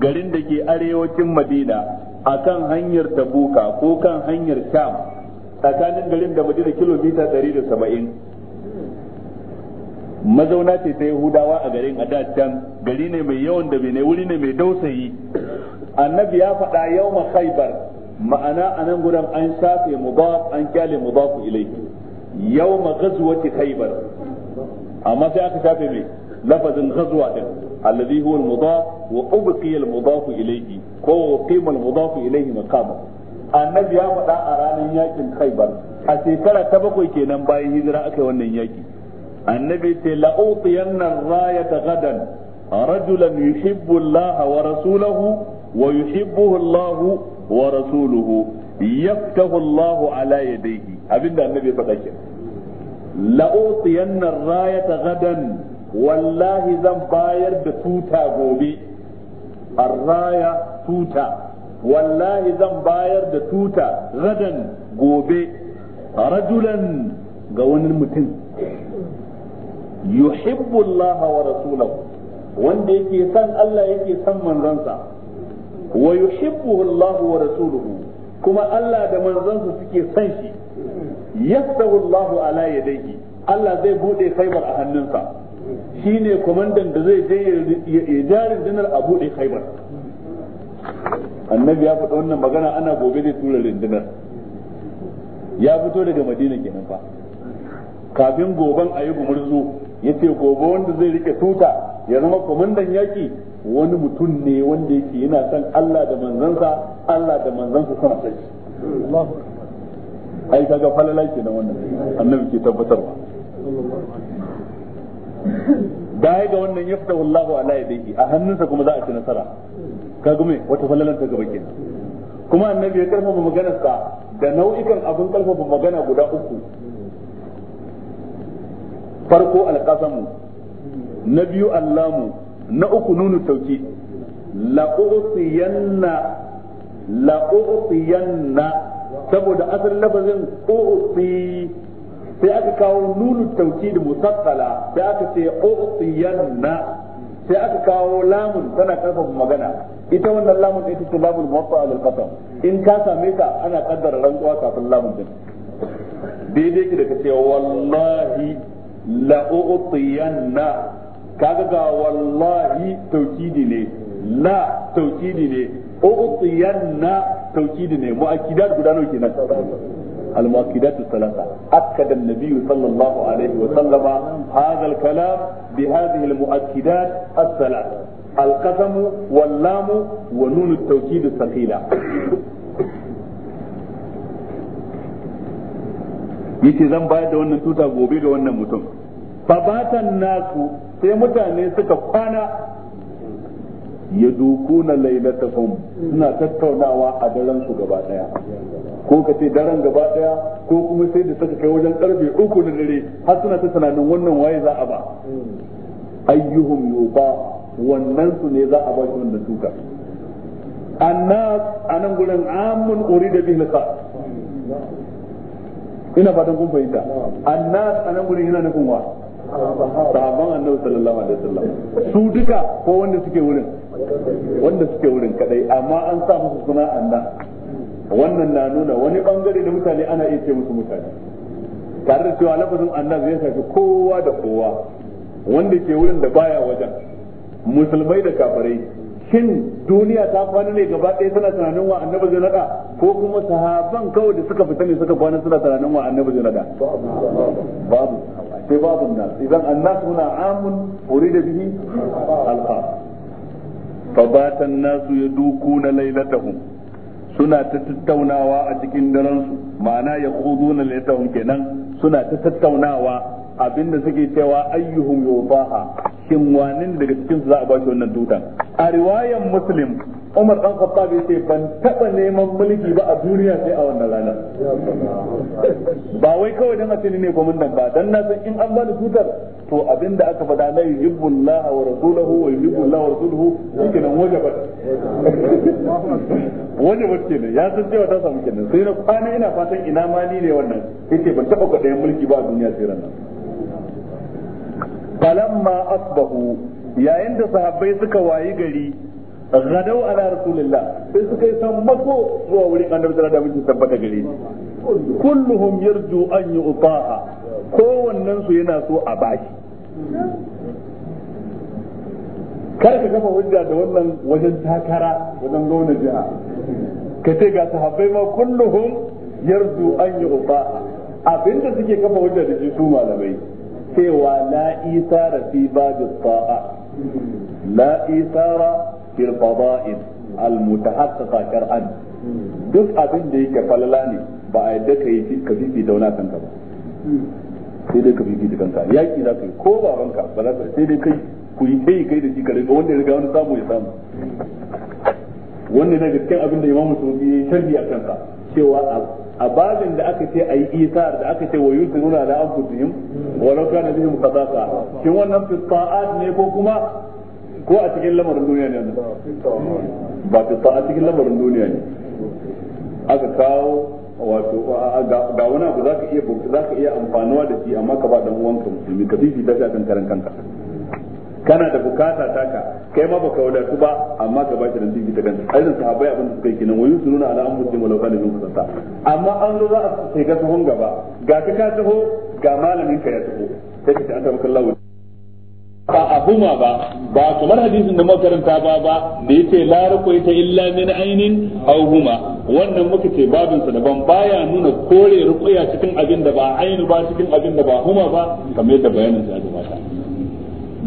garin da ke arewacin madina a kan hanyar tabuka ko kan hanyar sham tsakanin garin da madina kilomita 170 mazauna ce ta yahudawa a garin a can gari ne mai yawan da ne wuri ne mai dausayi annabi ya faɗa yau ma khaibar ma'ana a nan gudan an shafe mudaf an kyale mudafu ilai yau ma ki khaibar amma sai aka shafe mai لفظ غزوة الذي هو المضاف وأبقي المضاف إليه هو قيم المضاف إليه مقامه النبي يا مدى أراني ياكي الخيبر أسيكرا تبقوا كي نمباي هذراء كي ونن ياكي النبي تلأوطين الراية غدا رجلا يحب الله ورسوله ويحبه الله ورسوله يفتح الله على يديه أبدا النبي فقشر لأوطين الراية غدا wallahi zan bayar da tuta gobe arraya tuta wallahi zan bayar da tuta radan gobe rajulan ga wani mutum yuhibbu Allah wa rasulahu wanda yake san Allah yake san manzansa wa yuhibbu Allah wa rasuluhu kuma Allah da manzansa suke san shi yaftahu Allah ala yadayhi Allah zai bude faibar a hannunsa shine kwamandan da zai je ya jari rundunar a buɗe haibar annabi ya faɗa wannan magana ana gobe zai tura rundunar ya fito daga madina kenan fa kafin goban a yi gumurzu ya ce gobe wanda zai rike tuta ya zama kwamandan yaƙi wani mutum ne wanda yake yana son Allah da manzansa Allah da manzansa suna sai ai kaga falala kenan wannan annabi ke tabbatarwa baya ga wannan yaftahu wallahu ala yadayhi a hannunsa kuma za a ci nasara ka gume wata fallalan ta gaba kenan kuma annabi ya karfafa maganarsa da nau'ikan abin karfafa magana guda uku farko alqasamu na biyu allamu na uku nunu tauki la'u'tiyanna la'u'tiyanna saboda asalin lafazin u'ti sai aka kawo nunu tauki da musakkala sai aka ce utiyanna sai aka kawo lamun tana karfafa magana ita wannan lamun ita ce lamun muwatta al qasam in ka same ta ana kaddara rantsuwa kafin lamun din daidai ki da ka ce wallahi la utiyanna kaga ga wallahi taukidi ne la taukidi ne utiyanna taukidi ne mu'akkidat guda nawa kenan المؤكدات الثلاثة أكد النبي صلى الله عليه وسلم هذا الكلام بهذه المؤكدات الثلاث القسم واللام ونون التوكيد الثقيلة yace zan bayar da wannan tuta gobe ga wannan mutum fabatan nasu sai mutane suka kwana ya dukuna lailatahum suna tattaunawa a daren su gaba daya ko ka ce daren gaba daya ko kuma sai da suka kai wajen karfe uku na dare har suna ta tunanin wannan waye za a ba ayyuhum yuba wannan su ne za a ba shi wannan tuka annas anan gurin amun urida bihi lqa ina fatan kun fahimta annas anan gurin yana nufin wa sahabban annabi sallallahu alaihi wasallam su duka ko wanda suke wurin wanda suke wurin kadai amma an sa musu suna annas wannan na nuna wani bangare da mutane ana iya ce musu mutane tare da cewa lafazin annas ya shafi kowa da kowa wanda ke wurin da baya wajen musulmai da kafirai shin duniya ta kwana ne gaba ɗaya suna tunanin wa annabi zai nada ko kuma sahaban kawai da suka fita ne suka kwana suna tunanin wa annabi zai nada babu sai babu na, idan annas huna amun urida bihi alqa fa bata an-nasu yadukuna lailatahum suna ta tattaunawa a cikin daren su ma'ana ya khuduna litahum kenan suna ta tattaunawa abinda suke cewa ayyuhum yufaha shin wani daga cikin su za a ba shi wannan dutan? a riwayan muslim Umar dan Khattab yace ban taba neman mulki ba a duniya sai a wannan ranar ba wai kawai dan a ce ne nan ba dan na san in an ba da tutar to abinda aka faɗa la yuhibbullah wa rasuluhu wa yuhibbullah wa rasuluhu shikenan wajaba wani wacce ne ya san cewa ta samu kenan sai na kwana ina fatan ina ma ni ne wannan yace ban taba kwaɗayin mulki ba a duniya sai ran falamma asbahu yayin da sahabbai suka wayi gari gadau ala rasulillah sai suka yi sammako zuwa wurin annabi sallallahu alaihi wasallam tabbata gari ne. kulluhum yarju an yu'taha kowannen su yana so a bashi kar ka kafa hujja da wannan wajen takara wajen gwamnati jiha ka ce ga sahabbai ma kulluhum yarzu an yi uba abinda suke kafa wajen da su malamai cewa la isara fi babu ta'a la isara fil fada'il al mutahaqqaqa qur'an duk abin da yake falala ne ba a yadda ka yi ka fifi da wani kanka ba sai dai ka fifi da kanka yaki za ka yi ko ba za ka sai dai kai ku yi kai kai da shi ka rinka wanda ya riga wani samu ya samu wannan daga cikin abin da imamu sufi yi canji a kansa cewa a babin da aka ce yi isa da aka ce wa yusiruna ala anfusihim wa law kana bihim sadaqa shin wannan fi ne ko kuma ko a cikin lamarin duniya ne ba fi a cikin lamarin duniya ne aka kawo wato ga wani abu za iya iya amfanuwa da shi amma ka ba dan uwanka musulmi ka bibi da kan karan kanka kana da bukata taka kai ma baka wadatu ba amma ka bashi dan ta kanta aidan sahabbai abin da suka yi kenan wayu sununa ala anfusihim walau kana min kusanta amma an zo za a sai ga tuhon gaba ga ka ka taho ga malamin ka ya taho sai ka ta maka Allah ba abuma ba ba kamar hadisin da makaranta ba ba da yace la ruqaita illa min ainin aw huma wannan muka ce babin sa daban baya nuna kore rukuya cikin abin da ba ainu ba cikin abin da ba huma ba kamar yadda bayanin sa ya gabata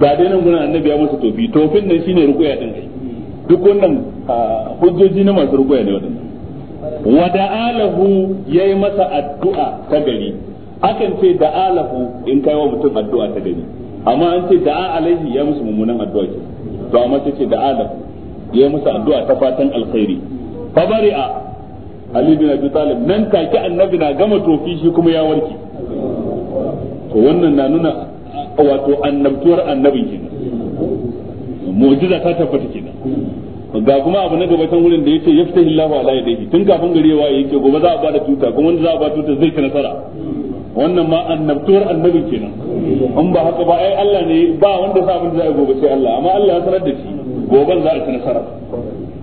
ga dai nan gurin annabi ya masa tofi tofin nan shine rukuya din kai duk wannan hujjoji na masu rukuya ne wadannan wa da'alahu yayi masa addu'a ta gari akan ce da'alahu in kai wa mutum addu'a ta gari amma an ce da'a alaihi ya musu mummunan addu'a ke to amma ta ce da'alahu yayi masa addu'a ta fatan alkhairi fa bari'a ali bin abi talib nan take annabi na gama tofi shi kuma ya warke to wannan na nuna wato annabtuwar annabin kenan mu'jiza ta tabbata kenan ga kuma abu na gaba can wurin da yace yaftahillahu ala yadayhi tun kafin gari yawa yake gobe za a bada tuta kuma wanda za a bada tuta zai ta nasara wannan ma annabtuwar annabin kenan in ba haka ba ai Allah ne ba wanda sa abin da zai gobe sai Allah amma Allah ya sanar da shi goben za a ci nasara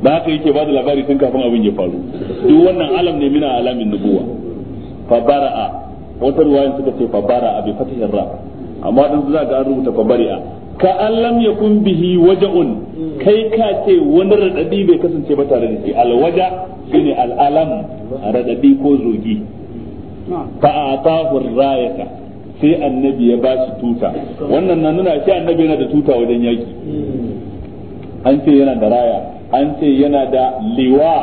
da haka yake ba da labari tun kafin abin ya faru duk wannan alam ne mina alamin nubuwa fa bara'a wata ruwayan suka ce fa bara'a bi fatihir ra' amma dan za ga an rubuta fa bari'a ka an lam yakun bihi waja'un kai ka ce wani radadi bai kasance ba tare da shi alwaja shine al'alam radadi ko zogi fa atahu rayata sai annabi ya ba shi tuta wannan na nuna shi annabi yana da tuta wajen yaki an ce yana da raya an ce yana da liwa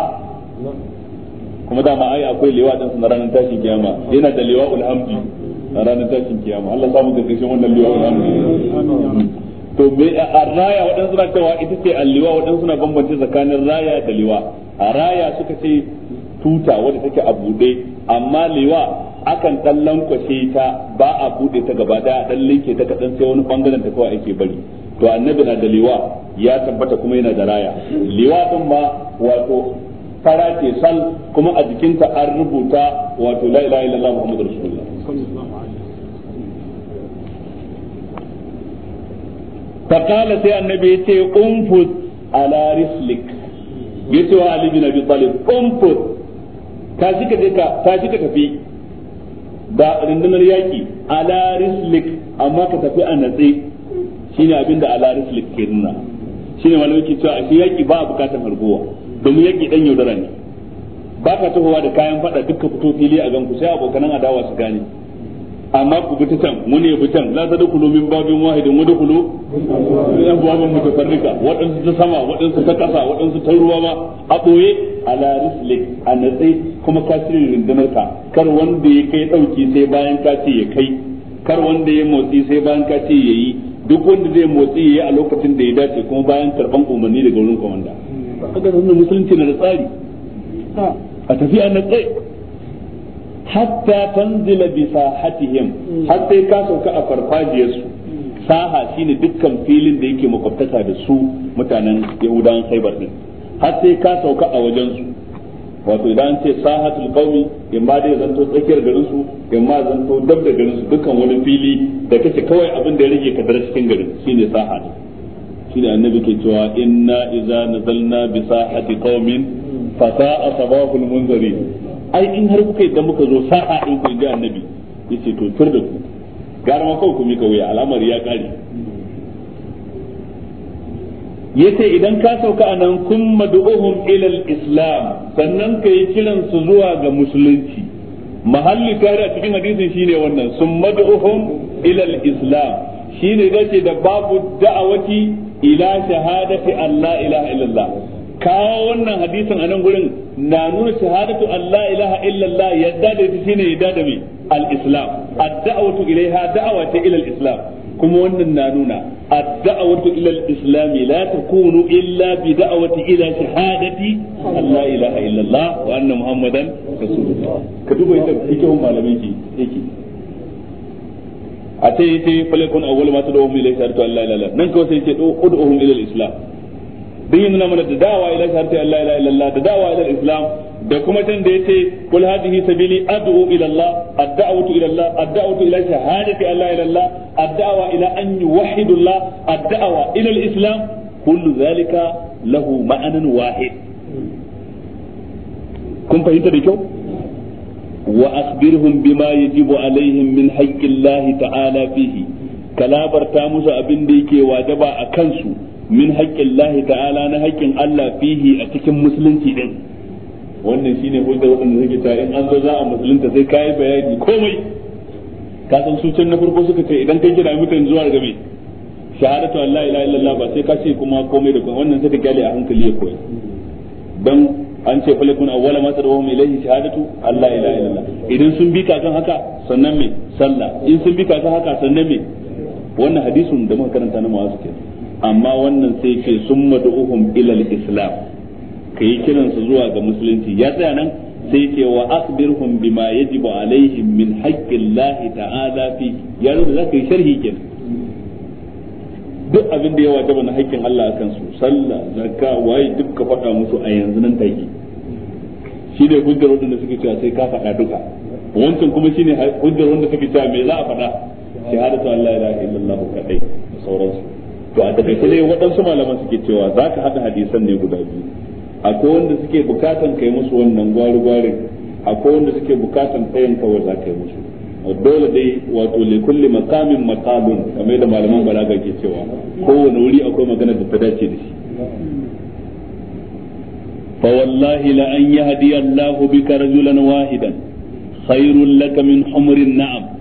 kuma dama ai akwai liwa din sunan ranar tashin kiyama yana da liwa ulhamdi a ranar tashin kiyama Allah samu kashin wannan liwa to me a raya waɗansu na cewa ita ce alliwa waɗansu na bambance tsakanin raya da liwa a raya suka ce tuta wadda take a buɗe amma liwa akan ɗan lankwashe ta ba a buɗe ta gaba ɗaya ɗan linke ta kaɗan sai wani ɓangaren ta kawai ake bari to annabi na da liwa ya tabbata kuma yana da raya liwa ɗin ma wato fara ce sal kuma a jikinta an rubuta wato la ilaha illallah muhammadu rasulullah faqala sai annabi yace umfus ala rislik yace wa ali bin abi talib umfus ta shi ka tafi da rundunar yaƙi ala rislik amma ka tafi a natsi shine abinda ala rislik ke nuna shine malamai ke cewa a shi yaki ba bukatar harguwa domin yaki dan yaudara ne ba ka tahowa da kayan fada dukka fito fili a ganku sai abokanan adawa su gane amma ku bi ta can mu ne bi can la ta dukulu min babin wahidin wa dukulu yan babin mu ta mutafarrika waɗansu ta sama waɗansu ta ƙasa waɗansu ta ruwa ba a ɓoye ala rislik a natsai kuma ka cire rundunar ka kar wanda ya kai ɗauki sai bayan ka ce ya kai kar wanda ya motsi sai bayan ka ce ya yi duk wanda zai motsi ya yi a lokacin da ya dace kuma bayan karɓan umarni daga wurin kwamanda. Kaga musulunci na da tsari. A tafiya na tsaye. hatta tanzila bi sahatihim har sai ka sauka a farfajiyar su saha shine dukkan filin da yake makwabtaka da su mutanen yahudawan khaybar din har sai ka sauka a wajen su wato idan ce sahatul qaumi in ma dai zanto tsakiyar garin su in ma zanto dab da garin su dukkan wani fili da kace kawai abin da ya rage kadar cikin garin shine saha ne shine annabi ke cewa inna idza nazalna bi sahati qaumin fa sa'a sabahul munzirin ai in har kuka idan muka zo sa'a in ku ga annabi yace to tur da ku gara ma kawai ku mika wuya al'amar ya kare yace idan ka sauka anan kun mad'uhum ila al-islam sannan kai kiran su zuwa ga musulunci mahalli kari a cikin hadisin shine wannan sun mad'uhum ila al-islam shine dace da babu da'awati ila shahadati Allah ilaha illallah kawo wannan hadisin a nan gurin na nuna shahadatu Allah ilaha illallah yadda da ita shine yadda da mai al-islam ad-da'watu ilaiha da'awa ta ila al-islam kuma wannan na nuna ad-da'watu ila al-islam la takunu illa bi da'wati ila shahadati Allah ilaha illallah wa anna muhammadan rasulullah ka duba yadda kike hun malamai ki yake a ce yace falakun awwal ma tad'uhum ilayhi shahadatu Allah ilaha illallah nan kawai sai yace ud'uhum ila al-islam duk yin nuna mana da dawa ila shahadati Allah ila illallah da dawa ila islam da kuma can da yace kul hadhihi sabili ad'u ila Allah ad'awtu ila Allah ad'awtu ila shahadati Allah ila Allah ad'awa ila an yuwahhidu Allah ad'awa ila islam kullu zalika lahu ma'anan wahid kun fahimta da kyau wa akhbirhum bima yajibu alaihim min haqqi Allah ta'ala fihi ka labarta musu abin da yake wajaba a kansu min haƙƙin lahi ta'ala na haƙƙin Allah fihi a cikin musulunci din wannan shine hujjar waɗanda suke ta in an zo za a musulunta sai kai bayani komai ka san su can na farko suka ce idan kai kira mutan zuwa ga me shahadatu an la ilaha illallah ba sai ka ce kuma komai da komai wannan suka kyale a hankali ya koyi dan an ce falakun awwala ma tadawum ilayhi shahadatu Allah ilaha illallah idan sun bi kan haka sannan me sallah in sun bi kan haka sannan me wannan hadisin da muka karanta na mu'azu ke amma wannan sai ce sun du'uhum ila ilal islam ka kiran su zuwa ga musulunci ya tsaya nan sai ce wa akhbirhum bima yajibu alaihim min lahi ta'ala fi ya zo zaka yi sharhi kenan duk abin da ya wajaba na haƙƙin Allah akan su sallah zakka waye duk ka faɗa musu a yanzu nan take shi ne hujjar wanda suke cewa sai ka faɗa duka wancan kuma shine hujjar wanda suke cewa me za a faɗa shahadatu an la ilaha illallah kadai da sauransu to a takaice kule waɗansu malaman suke cewa za ka haɗa hadisan ne guda biyu akwai wanda suke bukatan kai musu wannan gwari gwari akwai wanda suke bukatan tsayin kawai za ka yi musu dole dai wato le kulli maqamin maqamun kamar da malaman balaga ke cewa kowane wuri akwai magana da ta dace da shi fa wallahi la an yahdi Allahu bika rajulan wahidan khairul laka min humrin na'am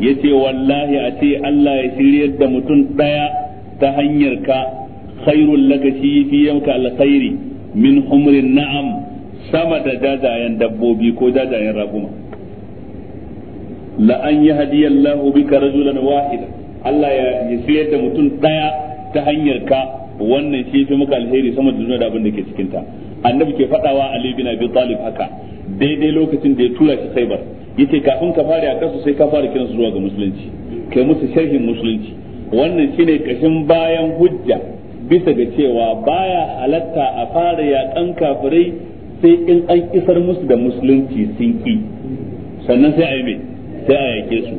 ya ce wallahi a ce Allah ya shiryar da mutum daya ta hanyar ka khairul laka shi fi yamka alkhairi min humrin na'am sama da jajayen dabbobi ko jajayen raguma la an yahdi Allahu bika rajulan wahida Allah ya shiryar da mutum daya ta hanyar ka wannan shi fi maka alheri sama da duniya da abin da ke cikinta annabi ke fadawa Ali bin Abi Talib haka daidai lokacin da ya tura shi Khaibar yace kafin ka fara kasu sai ka fara kiransu zuwa ga musulunci kai musu sharhin musulunci wannan shine kashin bayan hujja bisa ga cewa baya halatta a fara dan kafirai sai in an isar musu da musulunci sun ki sannan sai a yi sai a yake su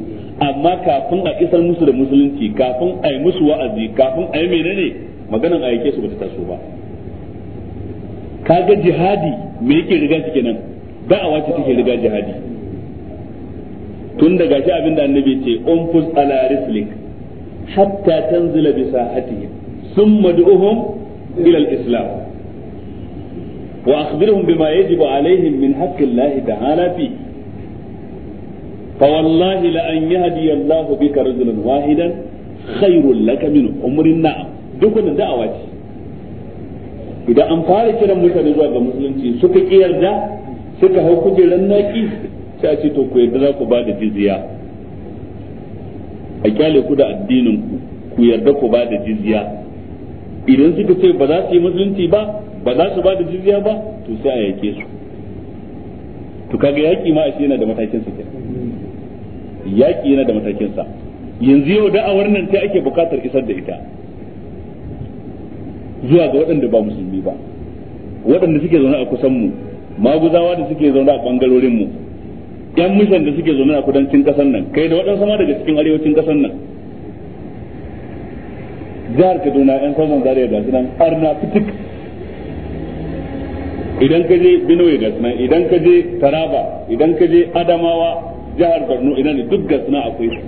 amma kafin a isar musu da musulunci kafin a yi musu wa'azi kafin a yi menene maganan a yake su bata taso ba kaga jihadi me yake riga shi nan. da'awa ce take riga jihadi tun daga shi abin da annabi ce umfus ala rislik hatta tanzila bi sahatihim thumma du'uhum ila al-islam wa akhbirhum bima yajibu alaihim min haqqi Allah ta'ala fi فوالله لأن يهدي الله بك رجلا واحدا خير لك من عمر النعم دكنا دعوة idan an fara kiran mutane zuwa ga musulunci suka da. suka hau kujeran naki sai a ce to ku yarda za ku ba da jizya a kyale ku da addinin ku ku yarda ku ba da jizya idan suka ce ba za su yi musulunci ba ba za su ba da jizya ba to sai a yake su to kaga yaki ma a yana da matakin sa yaki yana da matakin sa yanzu yau da'awar nan ta ake bukatar isar da ita zuwa ga waɗanda ba musulmi ba waɗanda suke zaune a kusan mu maguzawa da suke zaune a bangarorin mu yan mishan da suke zaune a kudancin kasar nan kai da waɗansu ma daga cikin arewacin kasar nan jihar kaduna yan sauran zariya ga sunan arna fitik idan ka je benue ga sunan idan ka je taraba idan ka je adamawa jihar borno idan ne duk ga sunan akwai su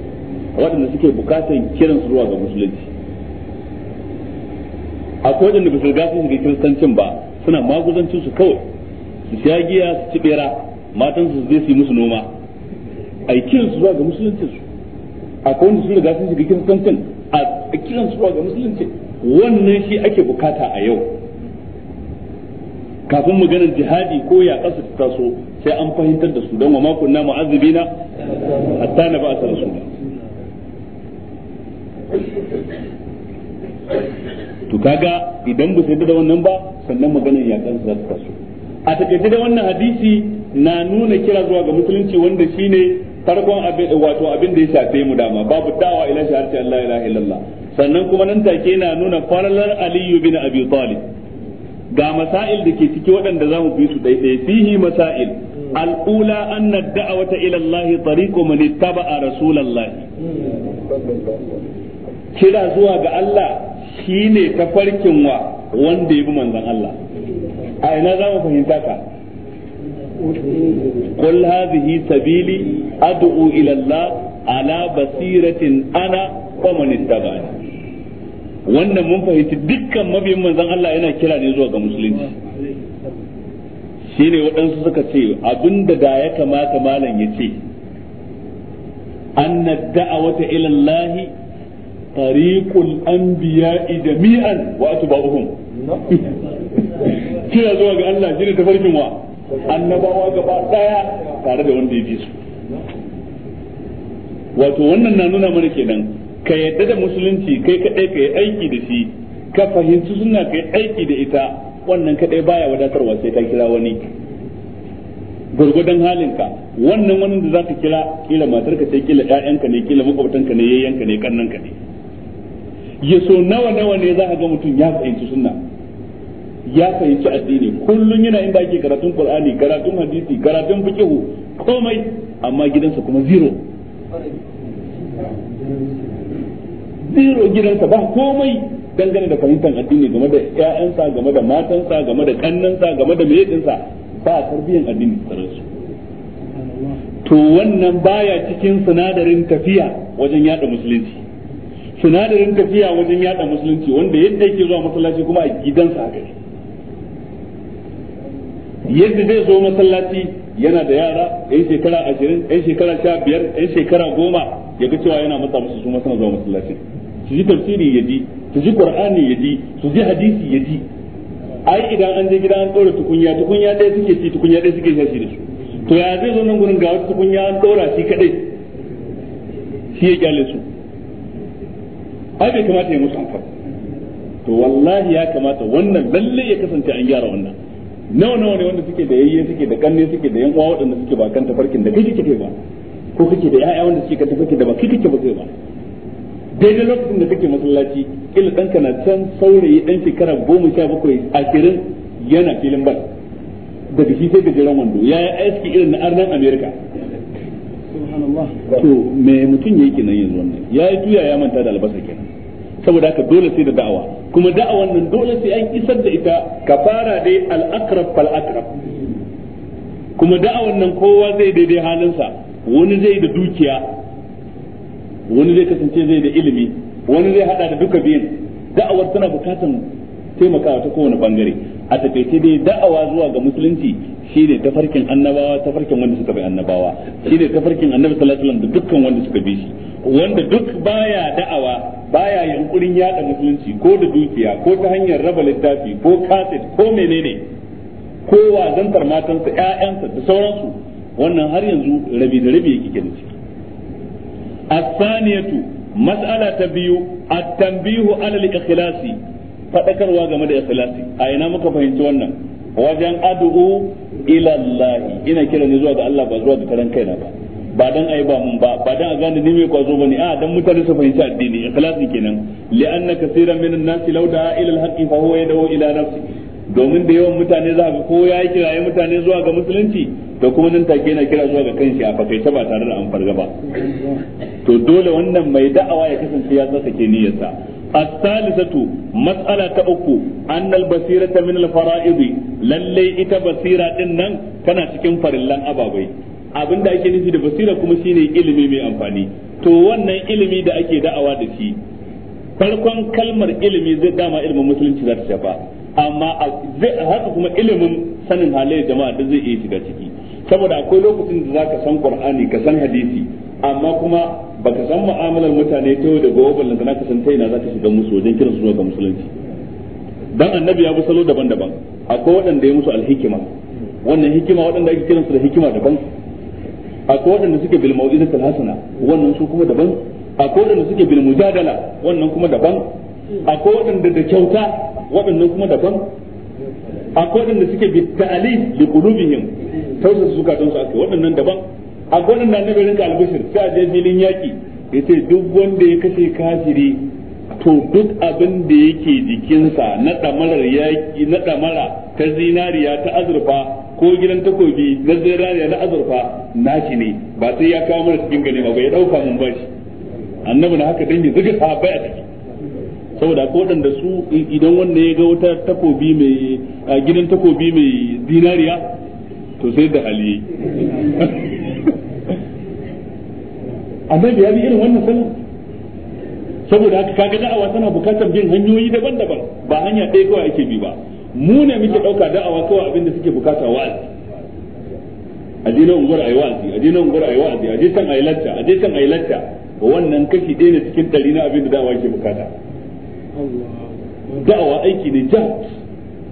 waɗanda suke bukatan kiran su zuwa ga musulunci akwai waɗanda ba su riga sun shiga kiristancin ba suna maguzancin su kawai su sha giya su ci bera matan su zai su yi musu noma a kiran su zuwa ga musulunci su a wanda sun riga sun shiga kiristancin a kiran su zuwa ga musulunci wannan shi ake bukata a yau kafin maganar jihadi ko ya kasa ta taso sai an fahimtar da su don wa makon na mu'azzibina hatta na a sarasu to kaga idan ba sai da wannan ba sannan maganar ya kasa ta taso a takaice da wannan hadisi na nuna kira zuwa ga musulunci wanda shine farkon abin wato abin da ya shafe mu dama babu dawa ila shahadati Allah ilaha illallah sannan kuma nan take na nuna falalar Ali bin Abi Talib ga masail da ke ciki waɗanda za mu bi su ɗaiɗaya fihi masail alula أن الدعوة إلى الله طريق من اتبع رسول الله kira zuwa ga Allah shine tafarkin wa wanda ya bi manzon Allah a ina zamu fahimta ka قل هذه سبيلي أدعو إلى الله على بصيرة أنا ومن اتبعني wannan mun fahimci dukkan mabiyin manzon Allah yana kira ne zuwa ga musulunci shine waɗansu suka ce abinda da ya kamata malam ya nadda a wata ila Allah tariqul anbiya'i jami'an wa atba'uhum kira zuwa ga Allah shine tafarkin wa annabawa gaba daya tare da wanda ya bi su wato wannan na nuna mana kenan ka yadda da musulunci kai kadai ka yi aiki da shi ka fahimci suna ka yi aiki da ita wannan kadai baya wadatarwa sai ka kira wani gurgudan halinka wannan wani da zaka kira kila matarka sai kila ƴaƴanka ne kila makwabtanka ne yayyanka ne kannanka ne ya so nawa nawa ne za ka ga mutum ya fahimci sunna ya fahimci addini kullum yana inda ake karatun qur'ani karatun hadisi karatun fiqhu komai amma gidansa kuma zero zero gidansa ba komai dangane da fahimtar addini game da ƴaƴansa game da matansa game da kannansa game da meyedinsa ba tarbiyyar addini tsaron su to wannan baya cikin sinadarin tafiya wajen yada musulunci sinadarin tafiya wajen yada musulunci wanda yadda yake zuwa masallaci kuma a gidansa haka ne yadda zai zo masallaci yana da yara yan shekara ashirin yan shekara sha biyar yan shekara goma ya ga cewa yana matsa musu su ma suna zuwa masallaci su ji tafsiri ya ji su ji qur'ani ya ji su ji hadisi ya ji ai idan an je gida an ɗora tukunya tukunya ɗaya suke ci tukunya ɗaya suke shashi da su to ya zai zo nan gurin ga wata tukunya an ɗora shi kaɗai shi ya kyale su ai bai kamata ya musu amfani to wallahi ya kamata wannan lalle ya kasance an gyara wannan nawa nawa ne wanda suke da yayye suke da kanne suke da yan waɗanda suke ba kan tafarkin da kai kike ba ko kake da ƴaƴa wanda suke kan tafarkin da ba kai kike ba kai ba daidai lokacin da kake masallaci kila ɗanka na can saurayi ɗan shekara goma sha bakwai ashirin yana filin bal daga bishi sai gajeren wando ya yi aiki irin na arnan amerika to me mutum ya yi kenan yanzu wannan ya yi tuya ya manta da albasa kenan saboda haka dole sai da da'awa kuma da'awan nan dole sai an isar da ita ka fara dai al'akrab fal akrab kuma da'awan nan kowa zai daidai halinsa wani zai da dukiya wani zai kasance zai da ilimi wani zai hada da duka biyun da'awar tana bukatan taimakawa ta kowane bangare a takaice dai da'awa zuwa ga musulunci shine tafarkin annabawa tafarkin wanda suka bai annabawa shine farkin annabi sallallahu alaihi wasallam dukkan wanda suka bi shi wanda duk baya da'awa baya yankurin yada musulunci ko da dukiya ko ta hanyar raba littafi ko kaset ko menene ko wazantar matansa ƴaƴansa da sauransu wannan har yanzu rabi da rabi yake kenan ciki as-saniyatu mas'ala ta biyu at-tanbihu 'ala al-ikhlasi fadakarwa game da ikhlasi a ina muka fahimci wannan wajen ad'u ila Allah ina kira ne zuwa ga Allah ba zuwa ga karan kaina ba ba dan ayi ba mun ba ba dan a gane ni mai kwazo bane a dan mutane su fahimci addini ikhlasi kenan anna kaseeran minan nasi law da'a ila al-haqqi fa huwa yad'u ila nafsi domin da yawan mutane za ga ko ya kiraye mutane zuwa ga musulunci to kuma nan take yana kira zuwa ga kanshi a fakaice ba tare da an farga ba to dole wannan mai da'awa ya kasance ya tsaka ke niyyarsa الثالثة مسألة أكو أن البصيرة من الفرائض للي إتا بصيرة إنن كان تكن فرلان ababai abin da ake nufi da basira kuma shine ilimi mai amfani to wannan ilimi da ake da'awa da shi farkon kalmar ilimi zai dama ilimin musulunci za ta shafa amma haka kuma ilimin sanin halayyar jama'a da zai iya shiga ciki saboda akwai lokacin da zaka san qur'ani ka san hadisi amma kuma baka san mu'amalar mutane ta yau da gobe ballan kana ka san ta ina zaka shiga musu wajen kiran su ga musulunci dan annabi ya bi salo daban-daban akwai waɗanda ya musu alhikima wannan hikima waɗanda ake kiransu da hikima daban akwai waɗanda suke bil mau'izatul hasana wannan su kuma daban akwai waɗanda suke bil mujadala wannan kuma daban akwai waɗanda da kyauta waɗannan kuma daban akwai waɗanda suke bi ta'alif li qulubihim tausasa suka don su akai waɗannan daban a nan na nabi rinka albishir sai a je filin yaki yace duk wanda ya kashe kafiri to duk abin da yake jikinsa na damarar yaƙi na damara ta zinariya ta azurfa ko gidan takobi na zinariya na azurfa nashi ne ba sai ya kawo mara cikin gani ba bai dauka mun shi annabi na haka dangi zuga bai a ciki saboda ko da su idan wanda ya ga wata takobi mai gidan takobi mai zinariya to sai da hali annabi ya bi irin wannan sanin saboda haka kaga da'awa tana bukatar bin hanyoyi daban-daban ba hanya ɗaya kawai ake bi ba mu ne muke ɗauka da'awa kawai abinda suke bukata wa'azi a je nan unguwar ayi wa'azi a je unguwar ayi wa'azi a je can ayi lacca a je can ayi lacca wannan kashi ɗaya ne cikin ɗari na abinda da'awa ke bukata da'awa aiki ne jihar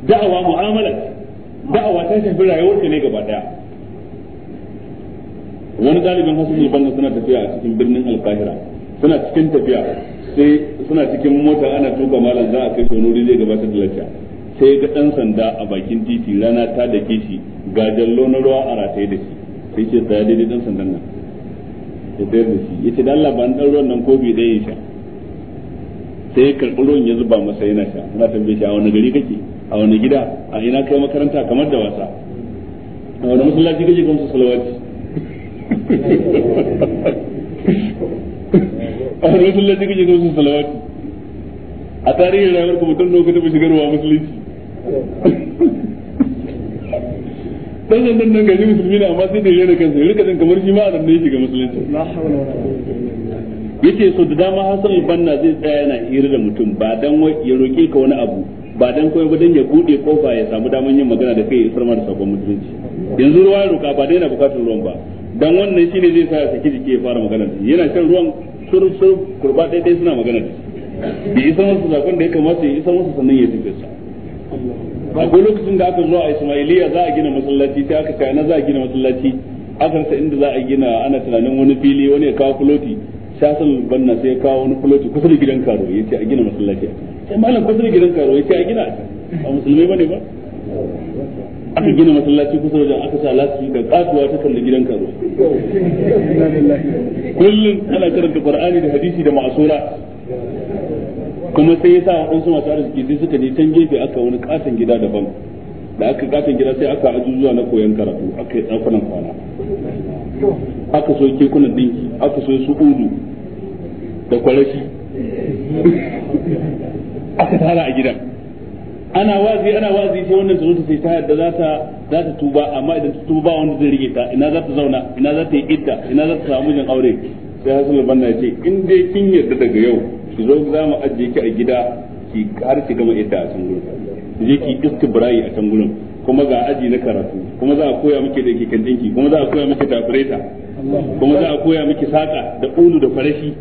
da'awa mu'amala da'awa ta shafi rayuwarka ne gaba ɗaya wani ɗalibin hasan banna suna tafiya a cikin birnin alfahira suna cikin tafiya sai suna cikin mota ana tuka malam za a kai shi nuri zai gabatar da lacca sai ga ɗan sanda a bakin titi rana ta da ke shi ga jallo na ruwa a rataye da shi sai ce tsaya daidai ɗan sandan nan ya tsayar da shi ya ce da Allah ba ɗan ruwan nan kofi ɗaya ya sha sai ya karɓi ruwan ya zuba masa yana sha ana tambaye shi a wani gari kake a wani gida a ina kai makaranta kamar da wasa a wani masallaci kake kamar su salawati a rashin lati kuke zo sun salawati a tarihin rayuwar kuma mutum nawa ka taɓa shigarwa musulunci dan sandan nan gari musulmi ne amma sai da rena kansa ya rika jin kamar shi ma adam ne shiga musulunci yace so da dama Hassan banna zai tsaya yana hira da mutum ba dan ya roke ka wani abu ba dan koyi ba dan ya bude kofa ya samu daman yin magana da kai ya sarma da sabon musulunci yanzu ruwa ya roka ba daina na bukatar ruwan ba dan wannan shine zai sa ya saki jiki ya fara magana yana kan ruwan suruf suruf kurba dai dai suna magana bi isa masa zakon da ya kamata ya isa musu sannan ya tafi sa akwai lokacin da aka zo a Ismailiya za a gina masallaci sai aka kai na za a gina masallaci aka inda za a gina ana tunanin wani fili wani ya kawo kuloti shasan banna sai ya kawo wani kuloti kusa da gidan karo ya ce a gina masallaci sai malam kusa da gidan karo ya ce a gina a musulmai bane ba aka gina masallaci kusa wajen aka sa lati da katuwa ta kalli gidan karo kullum ana karanta qur'ani da hadisi da ma'asura kuma sai yasa waɗansu masu arziki sai suka ne can gefe aka wani katon gida daban da aka katon gida sai aka zuwa na koyan karatu aka yi tsakunan kwana aka so kekunan dinki aka so su udu da kwarashi aka tara a gidan ana wazi ana wazi sai wannan ta zo ta sai ta yadda za ta za ta tuba amma idan ta tuba wanda zai rike ta ina za ta zauna ina za ta yi idda ina za ta samu jin aure sai hasan banna ya ce in dai kin yarda daga yau ki zo za mu ajiye ki a gida ki har ki gama idda a can gurin ki je ki istibrai a can gurin kuma ga aji na karatu kuma za a koya miki da kikan dinki kuma za a koya miki tafureta kuma za a koya miki saka da ulu da farashi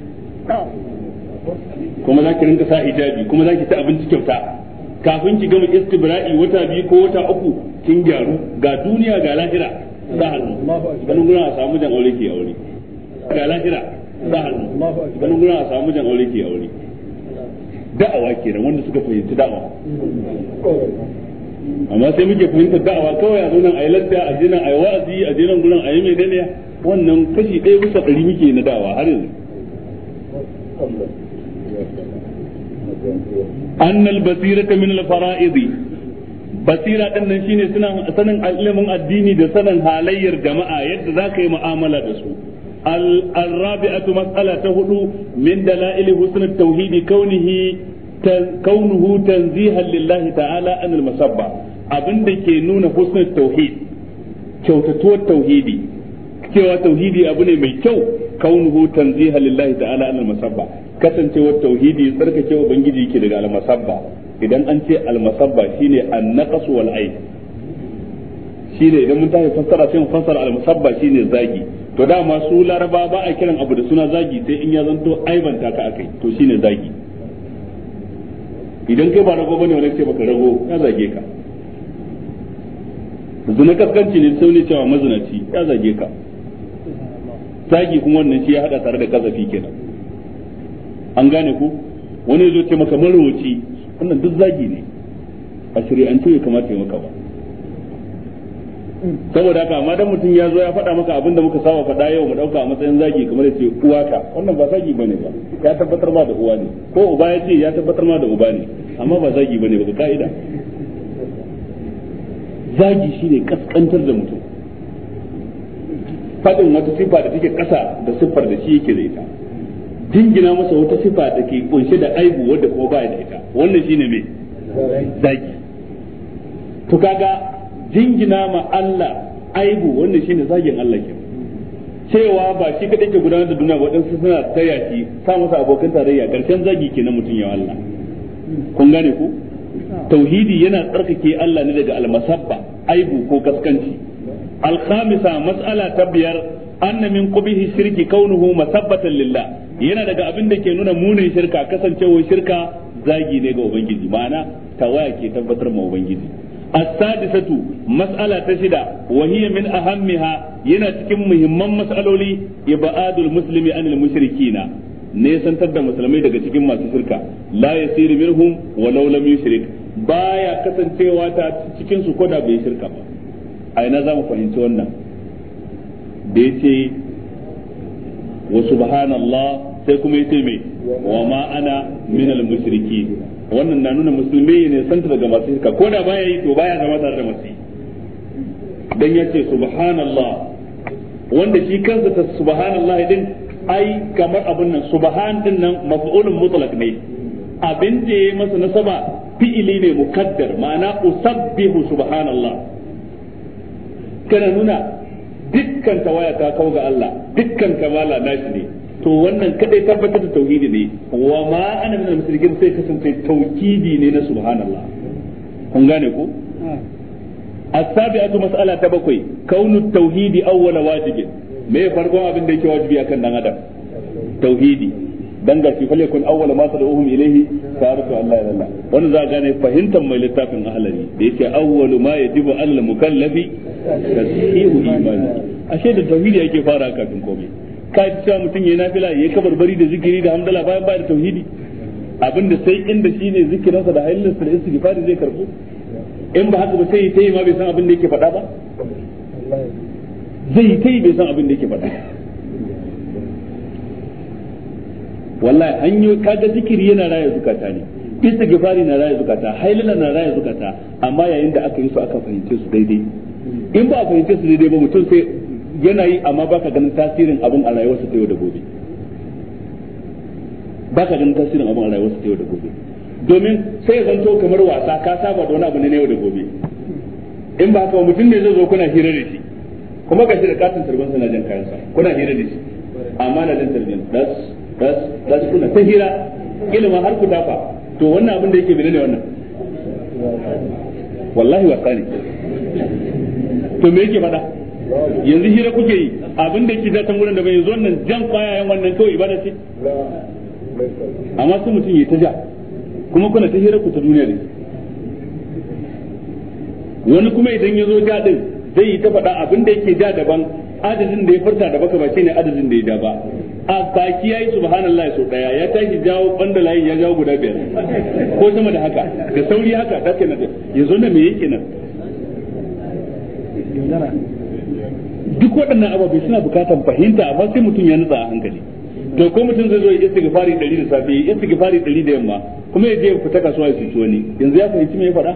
kuma za ki rinka sa hijabi kuma za ki ta abinci kyauta kafin ki gama istibra'i wata biyu ko wata uku kin gyaru ga duniya ga lahira da hannu ganin guna a samu jan aure ke aure ga lahira da hannu ganin guna a samu jan aure ke aure da'awa kenan wanda suka fahimci da'awa amma sai muke fahimta da'awa kawai a zo nan a yi lafiya a je nan a yi wa'azi a je nan gurin a yi mai daniya wannan kashi ɗaya bisa ɗari muke na da'awa har yanzu أن البصيرة من الفرائض basira din shine suna sanin ilimin addini da sanin halayyar jama'a yadda za ka yi mu'amala da su al-rabi'atu mas'ala ta hudu min dalail husn at-tauhid kaunihi kaunuhu tanzihan lillahi ta'ala an al-masabba abinda ke nuna husn at-tauhid tauhidi cewa tauhidi abu ne mai kyau kaunuhu tanziha lillahi ta'ala anil masabba kasancewar tauhidi tsarkake bangiji yake daga almasabba idan an ce almasabba shine an-naqs wal ayn shine idan mun tafi fassara sai mu fassara almasabba shine zagi to dama su laraba ba a kiran abu da suna zagi sai in ya zanto aibanta ka akai to shine zagi idan kai ba rago bane wani ce baka rago ya zage ka zina kaskanci ne sai ne cewa mazinaci ya zage ka zagi kuma wannan shi ya hada tare da kazafi kenan an gane ku wani zo ce maka marwaci wannan duk zagi ne a shari'ance ya kamata ya maka ba saboda haka amma dan mutum ya zo ya faɗa maka abin da muka saba faɗa yau mu ɗauka a matsayin zagi kamar ya ce ka wannan ba zagi bane ba ya tabbatar ma da uwa ne ko uba ya ce ya tabbatar ma da uba ne amma ba zagi bane ba ga ka'ida zagi shine kaskantar da mutum Fadin wata sifa da take ƙasa da siffar da shi yake da ita dingina masa wata sifa da ke kunshe da aibu wadda kuma ba da ita wannan shine me zaki to kaga dingina ma Allah aibu wannan shine zagin Allah ke cewa ba shi kadai ke gudanar da duniya waɗansu suna taya shi sa masa abokan tarayya karshen zagi ke na mutum ya Allah kun gane ku tauhidi yana tsarkake Allah ne daga almasabba aibu ko kaskanci الخامسة مسألة تبير أن من قبه الشرك كونه مثبتا lilla yana daga abin da ke nuna munin shirka kasancewar shirka zagi ne ga ubangiji ma'ana tawaya ke tabbatar ma ubangiji as-sadisatu mas'ala ta shida wa hiya min ahammiha yana cikin muhimman mas'aloli ibadul muslimi anil mushrikina ne da musulmai daga cikin masu shirka la yasiru minhum walau lam yushrik baya kasancewa ta cikinsu su koda bai shirka ba a ina za mu fahimci wannan da ya ce wa subhanallah sai kuma ya ce mai wa ma ana min al wannan na nuna musulmi ne santa daga masu shirka ko da baya yi to baya zama tare da masu dan ya ce subhanallah wanda shi kansa ta subhanallah idan ai kamar abin nan subhan din nan maf'ulun mutlaq ne abin da yayi masa nasaba fi'ili ne mukaddar ma'ana usabbihu subhanallah kana nuna dukkan tawaya ta kawo ga Allah dukkan kamala nashi ne to wannan kadai tabbatar da tauhidi ne wa ma ana min al sai kasance tauhidi ne na subhanallah kun gane ko as-sabi'atu mas'ala ta bakwai kaunu tauhidi awwala wajibin me farkon abin da yake wajibi akan dan adam tauhidi Dangar fi fa yakun awwala ma tad'uhum ilayhi ta'rifu an la ilaha illallah wannan za gane fahimtar mai littafin ahlali da yake awwalu ma yajibu alal mukallafi tashihu imani ashe da tauhidi yake fara kafin komai ka ji cewa mutum yayi nafila yayi kabarbari da zikiri da hamdala bayan ba da tauhidi abinda sai inda shine zikirinsa da hayyalinsa da istighfari zai karbu in ba haka ba sai yayi ma bai san abin da yake faɗa ba zai yi bai san abin da yake faɗa wallahi hanyoyi ka kaga zikiri yana raya zukata ne istighfari na raya zukata hailala na raya zukata amma yayin da aka yi su aka fahimce su daidai in ba a fahimce su daidai ba mutum sai yana yi amma baka ganin tasirin abin a rayuwarsa ta yau da gobe baka ganin tasirin abin a rayuwarsa ta yau da gobe domin sai ya zanto kamar wasa ka saba da wani abu ne yau da gobe in ba haka mutum ne zai zo kuna hira da shi kuma ka shi da katin sarbansa na jan kayansa kuna hira da shi amma na jan tarbin za su kuna ta hira ilima har ku tafa to wannan abin da yake menene wannan wallahi wasa ne to me yake faɗa yanzu hira kuke yi abin da yake zatan wurin da bai zo nan jan kwayayen wannan kawai ibada ce amma su mutum ya ta ja kuma kuna ta hira ku ta duniya ne wani kuma idan ya zo ja din zai yi ta faɗa abin da yake ja daban adadin da ya furta da baka ba ne adadin da ya ja ba a baki yi subhanallah so daya ya tashi jawo banda layin ya jawo guda biyar ko sama da haka da sauri haka da ya zo na me yake nan duk waɗannan ababe suna bukatan fahimta amma sai mutum ya nutsa a hankali to ko mutum zai zo ya istighfari 100 da safe ya istighfari 100 da yamma kuma ya je ya fita kasuwa ya cuci wani yanzu ya fahimci me ya faɗa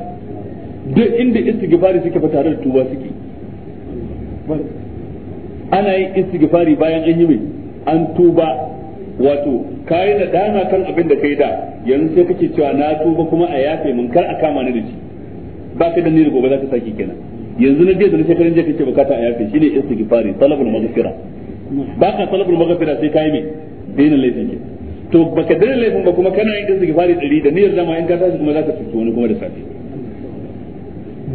duk inda istighfari suke fa tare da tuba suke ana yin istighfari bayan an yi mai an tuba wato kayi da dana kan abin da kai da yanzu sai kake cewa na tuba kuma a yafe mun kar a kama ni da shi ba ka da ni gobe za ka saki kenan yanzu na je da na shekarun je kake bukata a yafe shine istighfari talabul maghfira ba ka talabul maghfira sai kai mai daina laifin ke to baka daina laifin ba kuma kana yin istighfari dari da niyyar zama in ka tashi kuma za ka tuba wani kuma da safe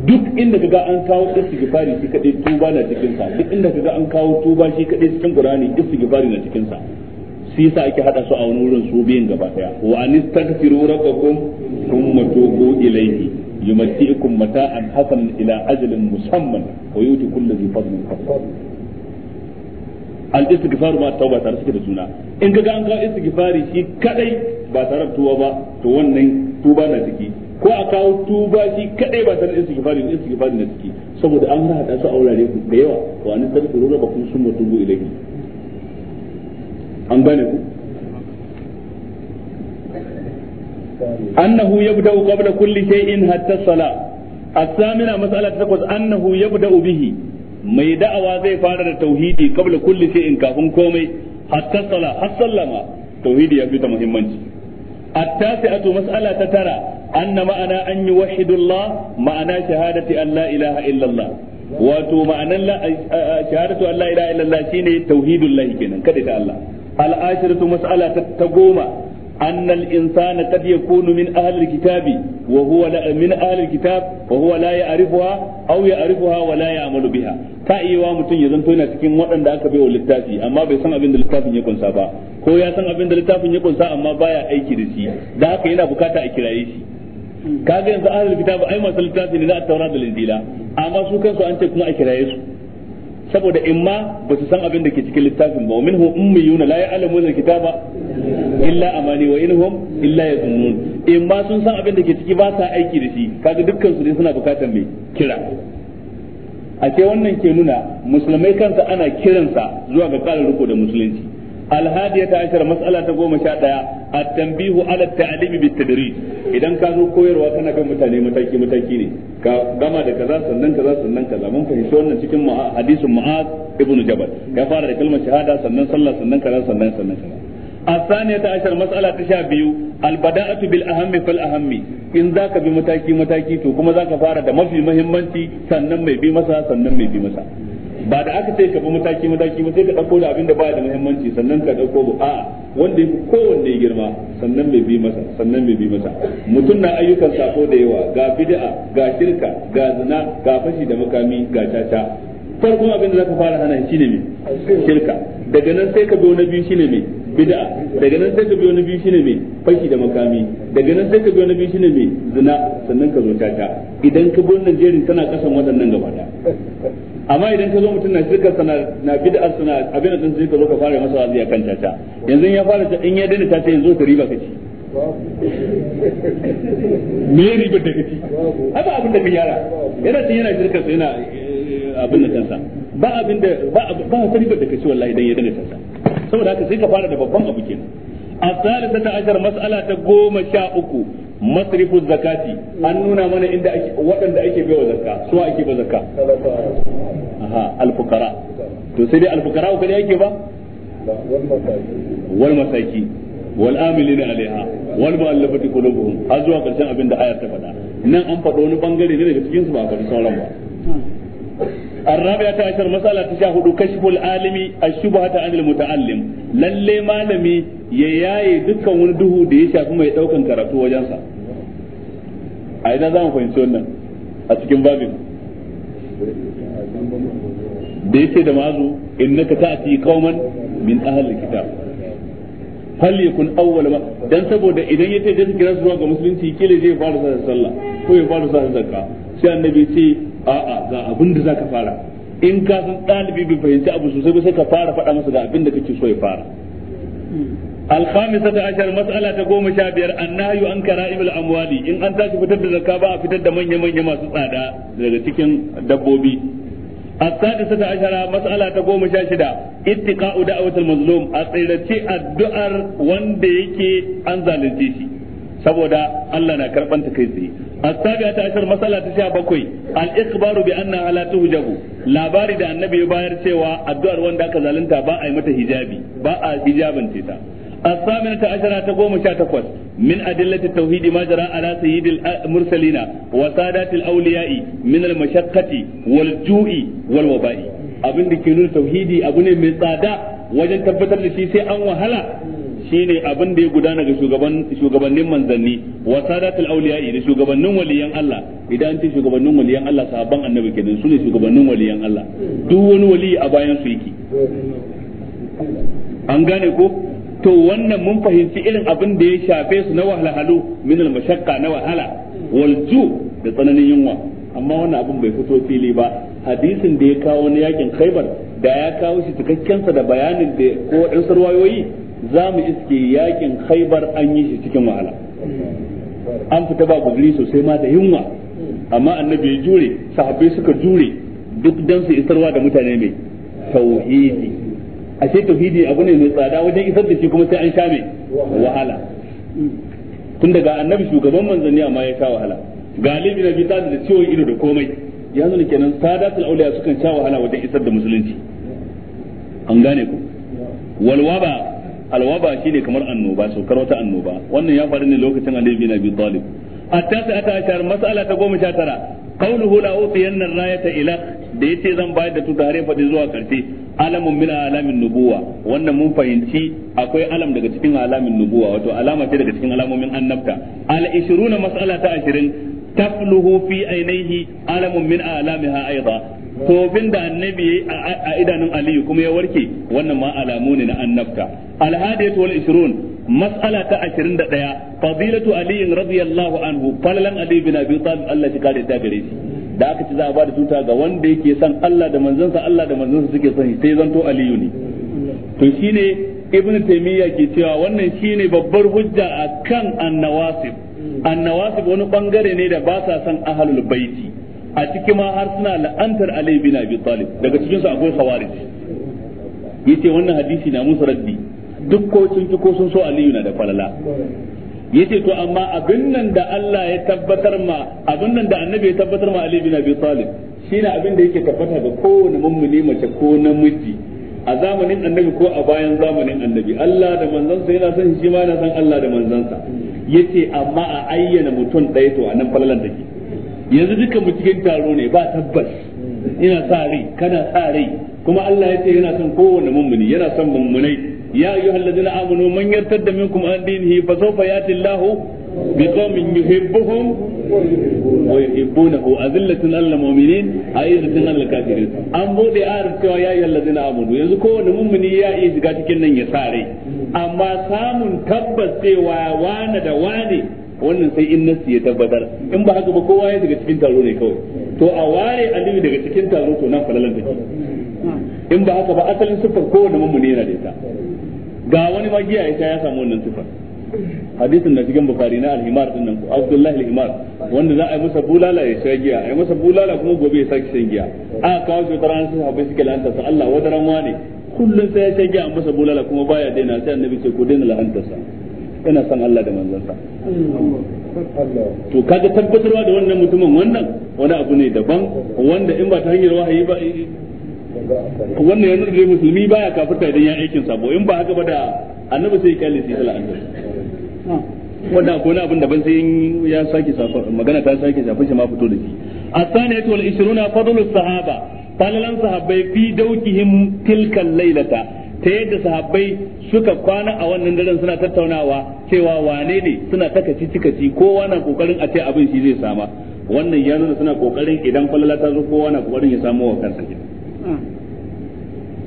duk inda kaga an kawo istighfari shi kadai tuba na cikin sa duk inda kaga an kawo tuba shi kadai cikin qur'ani istighfari na cikin sa shi yasa ake hada su a wani wurin su biyan gaba daya wa anistaghfiru rabbakum thumma tubu ilayhi yumatikum mata'an hasan ila ajalin musamman wa yuti kullu dhi fadlin fadl al-istighfar ma tauba tare suke da juna in kaga an kawo istighfari shi kadai ba tare tuba ba to wannan tuba na ciki ko a kawo tuba shi kadai ba tare da istighfari ne istighfari ne suke saboda an hada su a wurare da yawa wa an tadkuru rabbakum summa tubu ilayhi an gane ku annahu yabda'u qabla kulli shay'in hatta salat الثامنة مسألة تقول أنه يبدأ به mai da'awa zai fara da tauhidi kabla kulli shay'in kafin komai hatta sala har sallama tauhidi ya fita muhimmanci attasi'atu mas'ala ta tara anna ma'ana anyi yuwahhidu Allah ma'ana shahadati an la ilaha illa Allah wato ma'anan shahadatu an la ilaha illa Allah shine tauhidul lahi kenan kada ta Allah al-ashiratu mas'ala ta goma أن الإنسان قد يكون من أهل الكتاب وهو لا من أهل الكتاب وهو لا يعرفها أو يعرفها ولا يعمل بها تأيوا متن يزنتو yana cikin waɗanda aka bai wa littafi amma bai san abin da littafin ya kunsa ba ko ya san abin da littafin ya kunsa amma baya aiki da si da haka yana bukata a kiraye shi kaga yanzu ahlul kitab ai masu littafi ne na at da injila amma su an kuma a kiraye su saboda imma ba su san abin da ke cikin littafin ba minhu ummiyuna la al kitaba illa amani wa inhum illa yadhunnun imma sun san abin da ke ciki ba sa aiki da shi kaga dukkan su ne suna bukatar mai kira a ce wannan ke nuna musulmai kansa ana kiransa zuwa ga ƙara riko da musulunci الهادية عشر مسألة تقوم شاتا التنبيه على التعليم بالتدريج إذا كانوا كوير وكان كم متاني متاكي متاكي ne ka gama da kaza sannan kaza sannan kaza mun fahimci wannan cikin hadisin Mu'az ibn Jabal ya fara da kalmar shahada sannan sallah sannan kaza sannan sannan kaza الثانية عشر مسألة تشابه البداءة بالأهم فالأهم إن ذاك بمتاكي متاكي تو كما ذاك فارد ما في مهمتي سنن مي بي مسا سنن مي بي مسا ba da aka sai ka bi mataki mataki ba sai ka dauko da abin da baya da muhimmanci sannan ka dauko ba a wanda yake kowanne girma sannan bai bi masa sannan bai bi masa mutum na ayyukan sako da yawa ga bid'a ga shirka ga zina ga fashi da makami ga caca farkon abin da zaka fara hana shi ne shirka daga nan sai ka bi na biyu shi ne bid'a daga nan sai ka biyo na biyu shi ne fashi da makami daga nan sai ka biyo na biyu shi ne zina sannan ka zo caca idan ka bi wannan jerin kana kasan waɗannan gaba amma idan ka zo mutum na shirka sana na bid'a sana abin da din sai ka zo ka fara masa wazi kan tata yanzu ya fara ta in ya dana tata yanzu ka riba kace me ya riba da kace haka abin da yara yana tin yana shirka sana eh, abin da kansa ba abin da ba ba ka riba da kace wallahi idan ya dana tata saboda haka sai ka fara da babban abu kenan a الثالثة عشر مسألة قوم شاء masrifu zakati an nuna mana inda ake waɗanda ake baiwa zakka su ake ba zakka aha alfukara to sai dai alfukara ko ake ba wal masaki wal amilina alaiha wal mu'allafati qulubuhum har zuwa karshen abin da ayar ta faɗa nan an faɗo wani bangare ne daga cikin su ba a faɗi sauran ba الرابعة عشر مسألة تشاهد كشف العالم الشبهة عن المتعلم للي ما لمي يياي دكا وندهو دي شاكما يتوكا كراتو وجنسا a idan za mu fahimci wannan a cikin babin da yake da mazu innaka ta'ti qauman min ahli kitab fal yakun awwal ma dan saboda idan yace da kira zuwa ga musulunci kile zai fara sa sallah ko ya fara sa zakka sai annabi ce a a ga abin da zaka fara in ka san dalibi bai fahimci abu sosai ba sai ka fara faɗa masa ga abin da kake so ya fara الخامسة عشر مسألة تقوم شابير النهي عن كرائم الأموال إن أنت فتد الزكاة بقى فتد من يمن يما سسادا لغتكين دبوبي السادسة عشر مسألة تقوم شاشدا اتقاء دعوة المظلوم أطيرتي الدعر وان ديكي أنزال الجيشي saboda Allah na karban ta a tsaye asabiya ta ashar masala ta sha bakwai al ikhbaru bi anna ala tuhjabu labari da annabi ya bayar cewa addu'ar wanda aka zalunta ba a yi mata hijabi ba a hijabance ta الثامنة عشرة تقوم شاتكوس من أدلة التوحيد ما جرى على سيد المرسلين وسادات الأولياء من المشقة والجوع والوباء abin da ke nuna tauhidi abu ne mai tsada wajen tabbatar da shi sai an wahala shine abin da ya gudana ga shugabannin manzanni wa sadatul awliya'i da shugabannin waliyan Allah idan ce shugabannin waliyan Allah sahabban annabi kenan sune shugabannin waliyan Allah duk wani wali a bayan su yake an gane ko to wannan mun fahimci irin abin da ya shafe su na wahalhalu min al-mashaqqa na wahala wal ju da tsananin yunwa amma wannan abin bai fito fili ba hadisin da ya kawo na yakin Khaibar da ya kawo shi cikakken sa da bayanin da ko wadan sarwayoyi za iske yakin Khaibar an yi shi cikin wahala an fita ba gudri sosai ma da yunwa amma annabi ya jure sahabbai suka jure duk dan su isarwa da mutane mai tauhidi ashe tauhidi abu ne mai tsada wajen isar da shi kuma sai an sha wahala tun daga annabi shugaban manzanni amma ya sha wahala galibi na bita da ciwon ido da komai ya nuna kenan sadatul auliya sukan sha wahala wajen isar da musulunci an gane ku walwaba alwaba shine kamar annoba saukar wata annoba wannan ya faru ne lokacin annabi na bi talib attasa ata ashar mas'ala ta goma sha tara qawluhu la utiyanna rayata ila da yace zan bayar da tuta har fadi zuwa karshe alamun min alamin nubuwa wannan mun fahimci akwai alam daga cikin alamin nubuwa wato alama ce daga cikin alamomin annabta al 20 mas'ala ta 20 tafluhu fi ainihi alamun min alamiha aidan tofin da annabi a idanun aliyu kuma ya warke wannan ma alamu ne na annabta alhadiyatu wal 20 mas'ala ta 21 fadilatu aliyin radiyallahu anhu falalan ali bin abi talib Allah shi kare ta gare shi da aka ci za a bada tuta ga wanda yake son Allah da manzansa Allah da manzansa suke sani sai zanto aliyu ne to shine ibn taymiya ke cewa wannan shine babbar hujja akan annawasib annawasib wani bangare ne da ba sa son ahlul baiti a cikin ma har suna la'antar ali bin abi talib daga cikin su akwai khawarij yace wannan hadisi na musa raddi duk ko sun ko sun so aliyu na da falala yace to amma abin nan da Allah ya tabbatar ma abin nan da annabi ya tabbatar ma Ali bin Abi Talib shine abin da yake tabbata ga kowane mummuni mace ko namiji a zamanin annabi ko a bayan zamanin annabi Allah da manzansa yana son shi ma yana son Allah da manzansa yace amma a ayyana mutum ɗaya to a nan falalan take yanzu duka mu cikin taro ne ba tabbas ina sa rai kana sa rai kuma Allah ya ce yana son kowanne mummuni yana son mummunai ya ayu ladina amanu man yartadda minkum an dinihi fa sawfa yati Allah bi qawmin yuhibbuhum wa yuhibbunahu azillatin alal mu'minin ayyatin alal kafirin an bude ayar cewa ya ayu ladina amanu yanzu kowanne mummuni ya yi shiga cikin nan ya sa rai amma samun tabbas cewa wane da wane wannan sai in nasi ya tabbatar in ba haka ba kowa ya daga cikin taro ne kawai to a ware aliyu daga cikin taro to nan falalan take in ba haka ba asalin siffar mun mummune yana da ita ga wani ma giya ya ya samu wannan sifar hadisin da cikin bukari na alhimar din nan ko abdullahi alhimar wanda za a yi masa bulala ya sha giya a yi masa bulala kuma gobe ya saki shan giya a kawo shi ran sai habai suke la'anta sa Allah wadaran wane kullun sai ya sha giya a masa bulala kuma baya daina sai annabi ce ku daina sa. yana son Allah da manzansa to kaga tabbatarwa da wannan mutumin wannan wani abu ne daban wanda in ba ta hanyar wahayi ba wannan yanzu da musulmi baya kafirta idan ya aikin sabo in ba haka ba da annabi sai ya kalle sai sala annabi wanda ko na abin daban sai ya sake safar magana ta sake safar shi ma fito da shi as-saniyatu wal 20 fadlu sahaba falalan sahabbai fi dawkihim tilka lailata ta yadda sahabbai suka kwana a wannan daren suna tattaunawa cewa wane ne suna takaci cikaci kowa na kokarin a ce abin shi zai sama wannan ya nuna suna kokarin idan falala ta zo kowa na kokarin ya samu wa kansa gida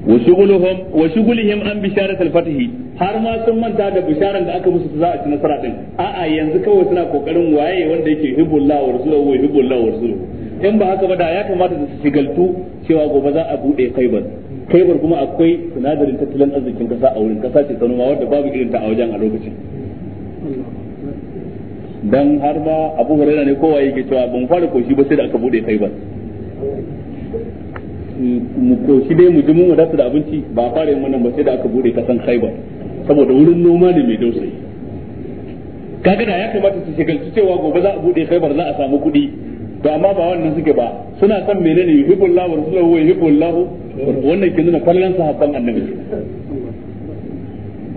wa shughuluhum an bisharat al-fath har ma sun manta da bisharan da aka musu za a ci nasara din a'a yanzu kawai suna kokarin waye wanda yake hibbullah wa rasuluhu wa hibbullah wa rasuluhu in ba haka ba da ya kamata su shigaltu cewa gobe za a bude kai ba. khaibar kuma akwai sinadarin tattalin arzikin kasa a wurin kasa ce sanuma wadda babu irin ta a wajen a lokacin dan har ba abu hurairah ne kowa yake cewa ban fara koshi ba sai da aka bude khaibar mu koshi dai mu ji mun wadata da abinci ba fara yin wannan ba sai da aka bude kasan khaibar saboda wurin noma ne mai dausayi kaga da ya kamata su shigalci cewa gobe za a bude khaibar za a samu kuɗi ba amma ba wannan suke ba suna son menene yuhibbullahu wa rasuluhu wa yuhibbullahu wannan ke nuna kallon sahabban annabi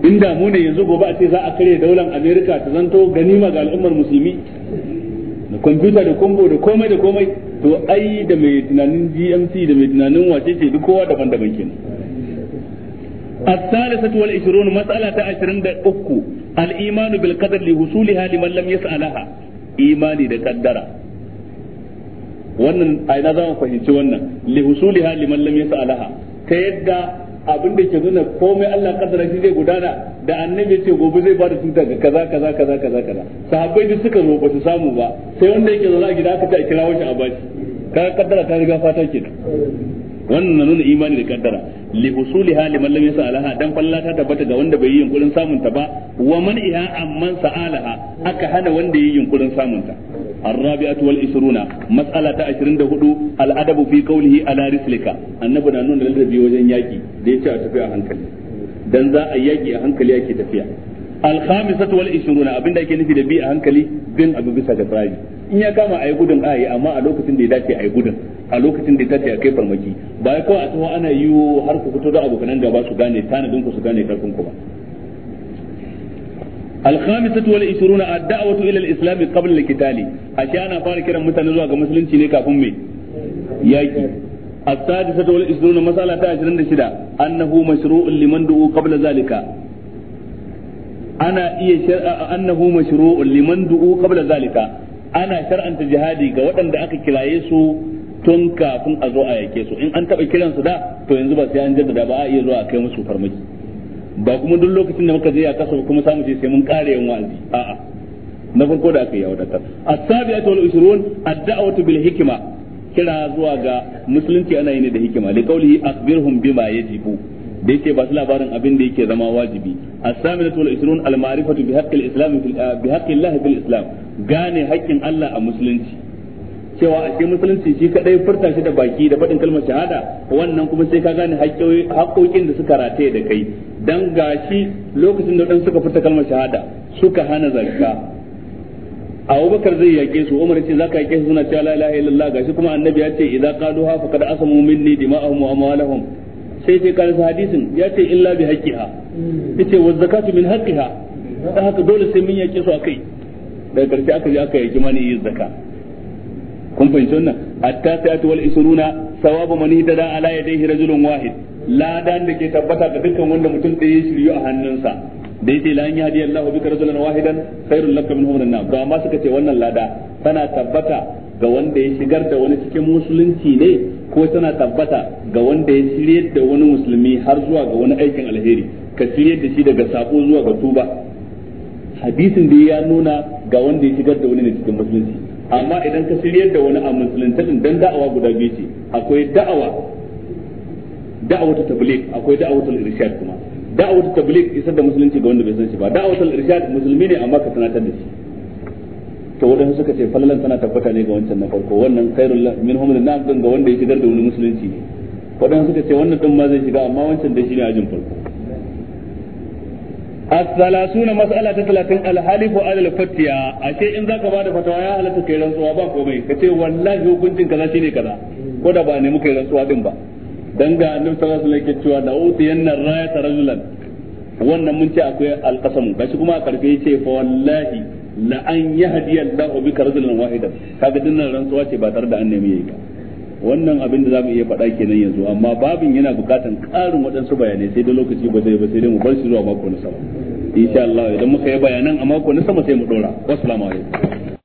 inda mu ne yanzu gobe a ce za a kare daular america ta zanto ganima ga al'ummar musulmi da kwamfuta da kombo da komai da komai to ai da mai tunanin gmc da mai tunanin wace ce duk kowa daban-daban kenan الثالثة والعشرون مسألة عشرين أكو الإيمان بالقدر لوصولها لمن لم يسألها إيماني da kaddara. wannan a ina za mu fahimci wannan li husuliha liman lam yasalaha ta yadda abin da ke nuna komai Allah kadara shi zai gudana da annabi ce gobe zai bada tuta ga kaza kaza kaza kaza kaza sahabbai duk suka zo ba su samu ba sai wanda yake zaune a gida aka ta kira wani a bashi kaga kadara ta riga fata kenan wannan nuna imani da kaddara li husuli hali man lam yasa alaha dan fallata ta tabbata ga wanda bai yi yunkurin samunta ba wa man iha amman sa alaha aka hana wanda yi yunkurin samunta. ta wal isruna mas'ala ta 24 al adabu fi qawlihi ala rislika annabi na nuna da ladabi wajen yaki da yace a tafi a hankali dan za a yaki a hankali yake tafiya al khamisatu wal isruna abinda ake nufi da bi a hankali bin abu bisa ga tsari in ya kama ayi gudun ayi amma a lokacin da ya dace ayi gudun a lokacin da ta ce a kai farmaki ba ya kawai a tsohon ana yi har ku fito da abokanan gaba su gane tanadin ku su gane karfin ku ba الخامسة والعشرون الدعوة إلى الإسلام قبل القتال أشياء فارك كرم مثلا كمسلم مسلم شيء ياكي السادسة والعشرون مسألة عشرين شدة أنه مشروع لمن دعو قبل ذلك أنا إيه شرع أنه مشروع لمن دعو قبل ذلك ana shar'anta jihadi ga waɗanda aka kiraye su tun kafin a zo a yake su in an taba kiran su da to yanzu ba sai an jaddada ba a iya zuwa a kai musu farmaki ba kuma duk lokacin da muka je ya kasa kuma samu ce sai mun kare yan wa'azi a'a na farko da aka yi wadatar as-sabi'atu wal 20 ad-da'watu bil hikma kira zuwa ga musulunci ana yi ne da hikima li qawlihi akhbirhum bima yajibu da yake ba su labarin abin da yake zama wajibi as sabiatu wal 20 al-ma'rifatu bi haqqi al-islam bi haqqi Allah bil islam gane haƙƙin Allah a musulunci cewa a cikin musulunci shi kadai furta shi da baki da faɗin kalmar shahada wannan kuma sai ka gane haƙoƙin da suka rataye da kai dan gashi lokacin da dan suka furta kalmar shahada suka hana zakka Abubakar zai yake su Umar ce zaka yake su suna cewa la ilaha illallah gashi kuma annabi ya ce idza qaluha faqad asamu minni dima'ahum wa amwalahum sai sai kan hadisin ya ce illa bi haqqiha yace wa zakatu min haqqiha haka dole sai mun yake su akai daga karshe aka je aka yake mani yi zakka kun fahimci wannan at-tasi'atu wal isruna sawabu man ihtada ala yadayhi rajulun wahid ladan da ke tabbata da dukkan wanda mutum da ya shiryu a hannunsa da yake la an yahdi Allahu bika rajulan wahidan khairul lak min humrin nar to amma suka ce wannan lada tana tabbata ga wanda ya shigar da wani cikin musulunci ne ko tana tabbata ga wanda ya shiryar da wani musulmi har zuwa ga wani aikin alheri ka shiryar da shi daga sako zuwa ga tuba hadisin da ya nuna ga wanda ya shigar da wani ne cikin musulunci amma idan ka shiryar da wani a musulunta din dan da'awa guda biyu ce akwai da'awa da'awatu tabligh akwai da'awatul irshad kuma da'awatu tabligh isar da musulunci ga wanda bai san shi ba da'awatul irshad musulmi ne amma ka sanatar da shi to wadansu suka ce fallan tana tabbata ne ga wancan na farko wannan khairul minhum lana ga wanda ya shigar da wani musulunci wadansu suka ce wannan din ma zai shiga amma wancan da shi ne ajin farko as-salasuna mas'ala ta talatin alhali halifu ala al-fatiya ashe in zaka bada fatawa ya halatta kai rantsuwa ba komai kace wallahi hukuncin kaza shine kaza ko da ba ne muka rantsuwa din ba dan ga annabi sallallahu alaihi wasallam yake cewa da utiyanna rayata rajulan wannan mun ce akwai alqasamu gashi kuma a karfe yace fa wallahi la an yahdi Allahu bika rajulan wahidan kaga dinnan rantsuwa ce ba tare da an nemi yayi wannan abin da za zamu iya faɗa kenan yanzu amma babin yana bukatan ƙarin waɗansu bayanai sai da lokaci ba zai ba sai dai mu bar shi zuwa mako na sama insha Allah idan muka yi bayanan a mako na sama sai mu dora wassalamu alaikum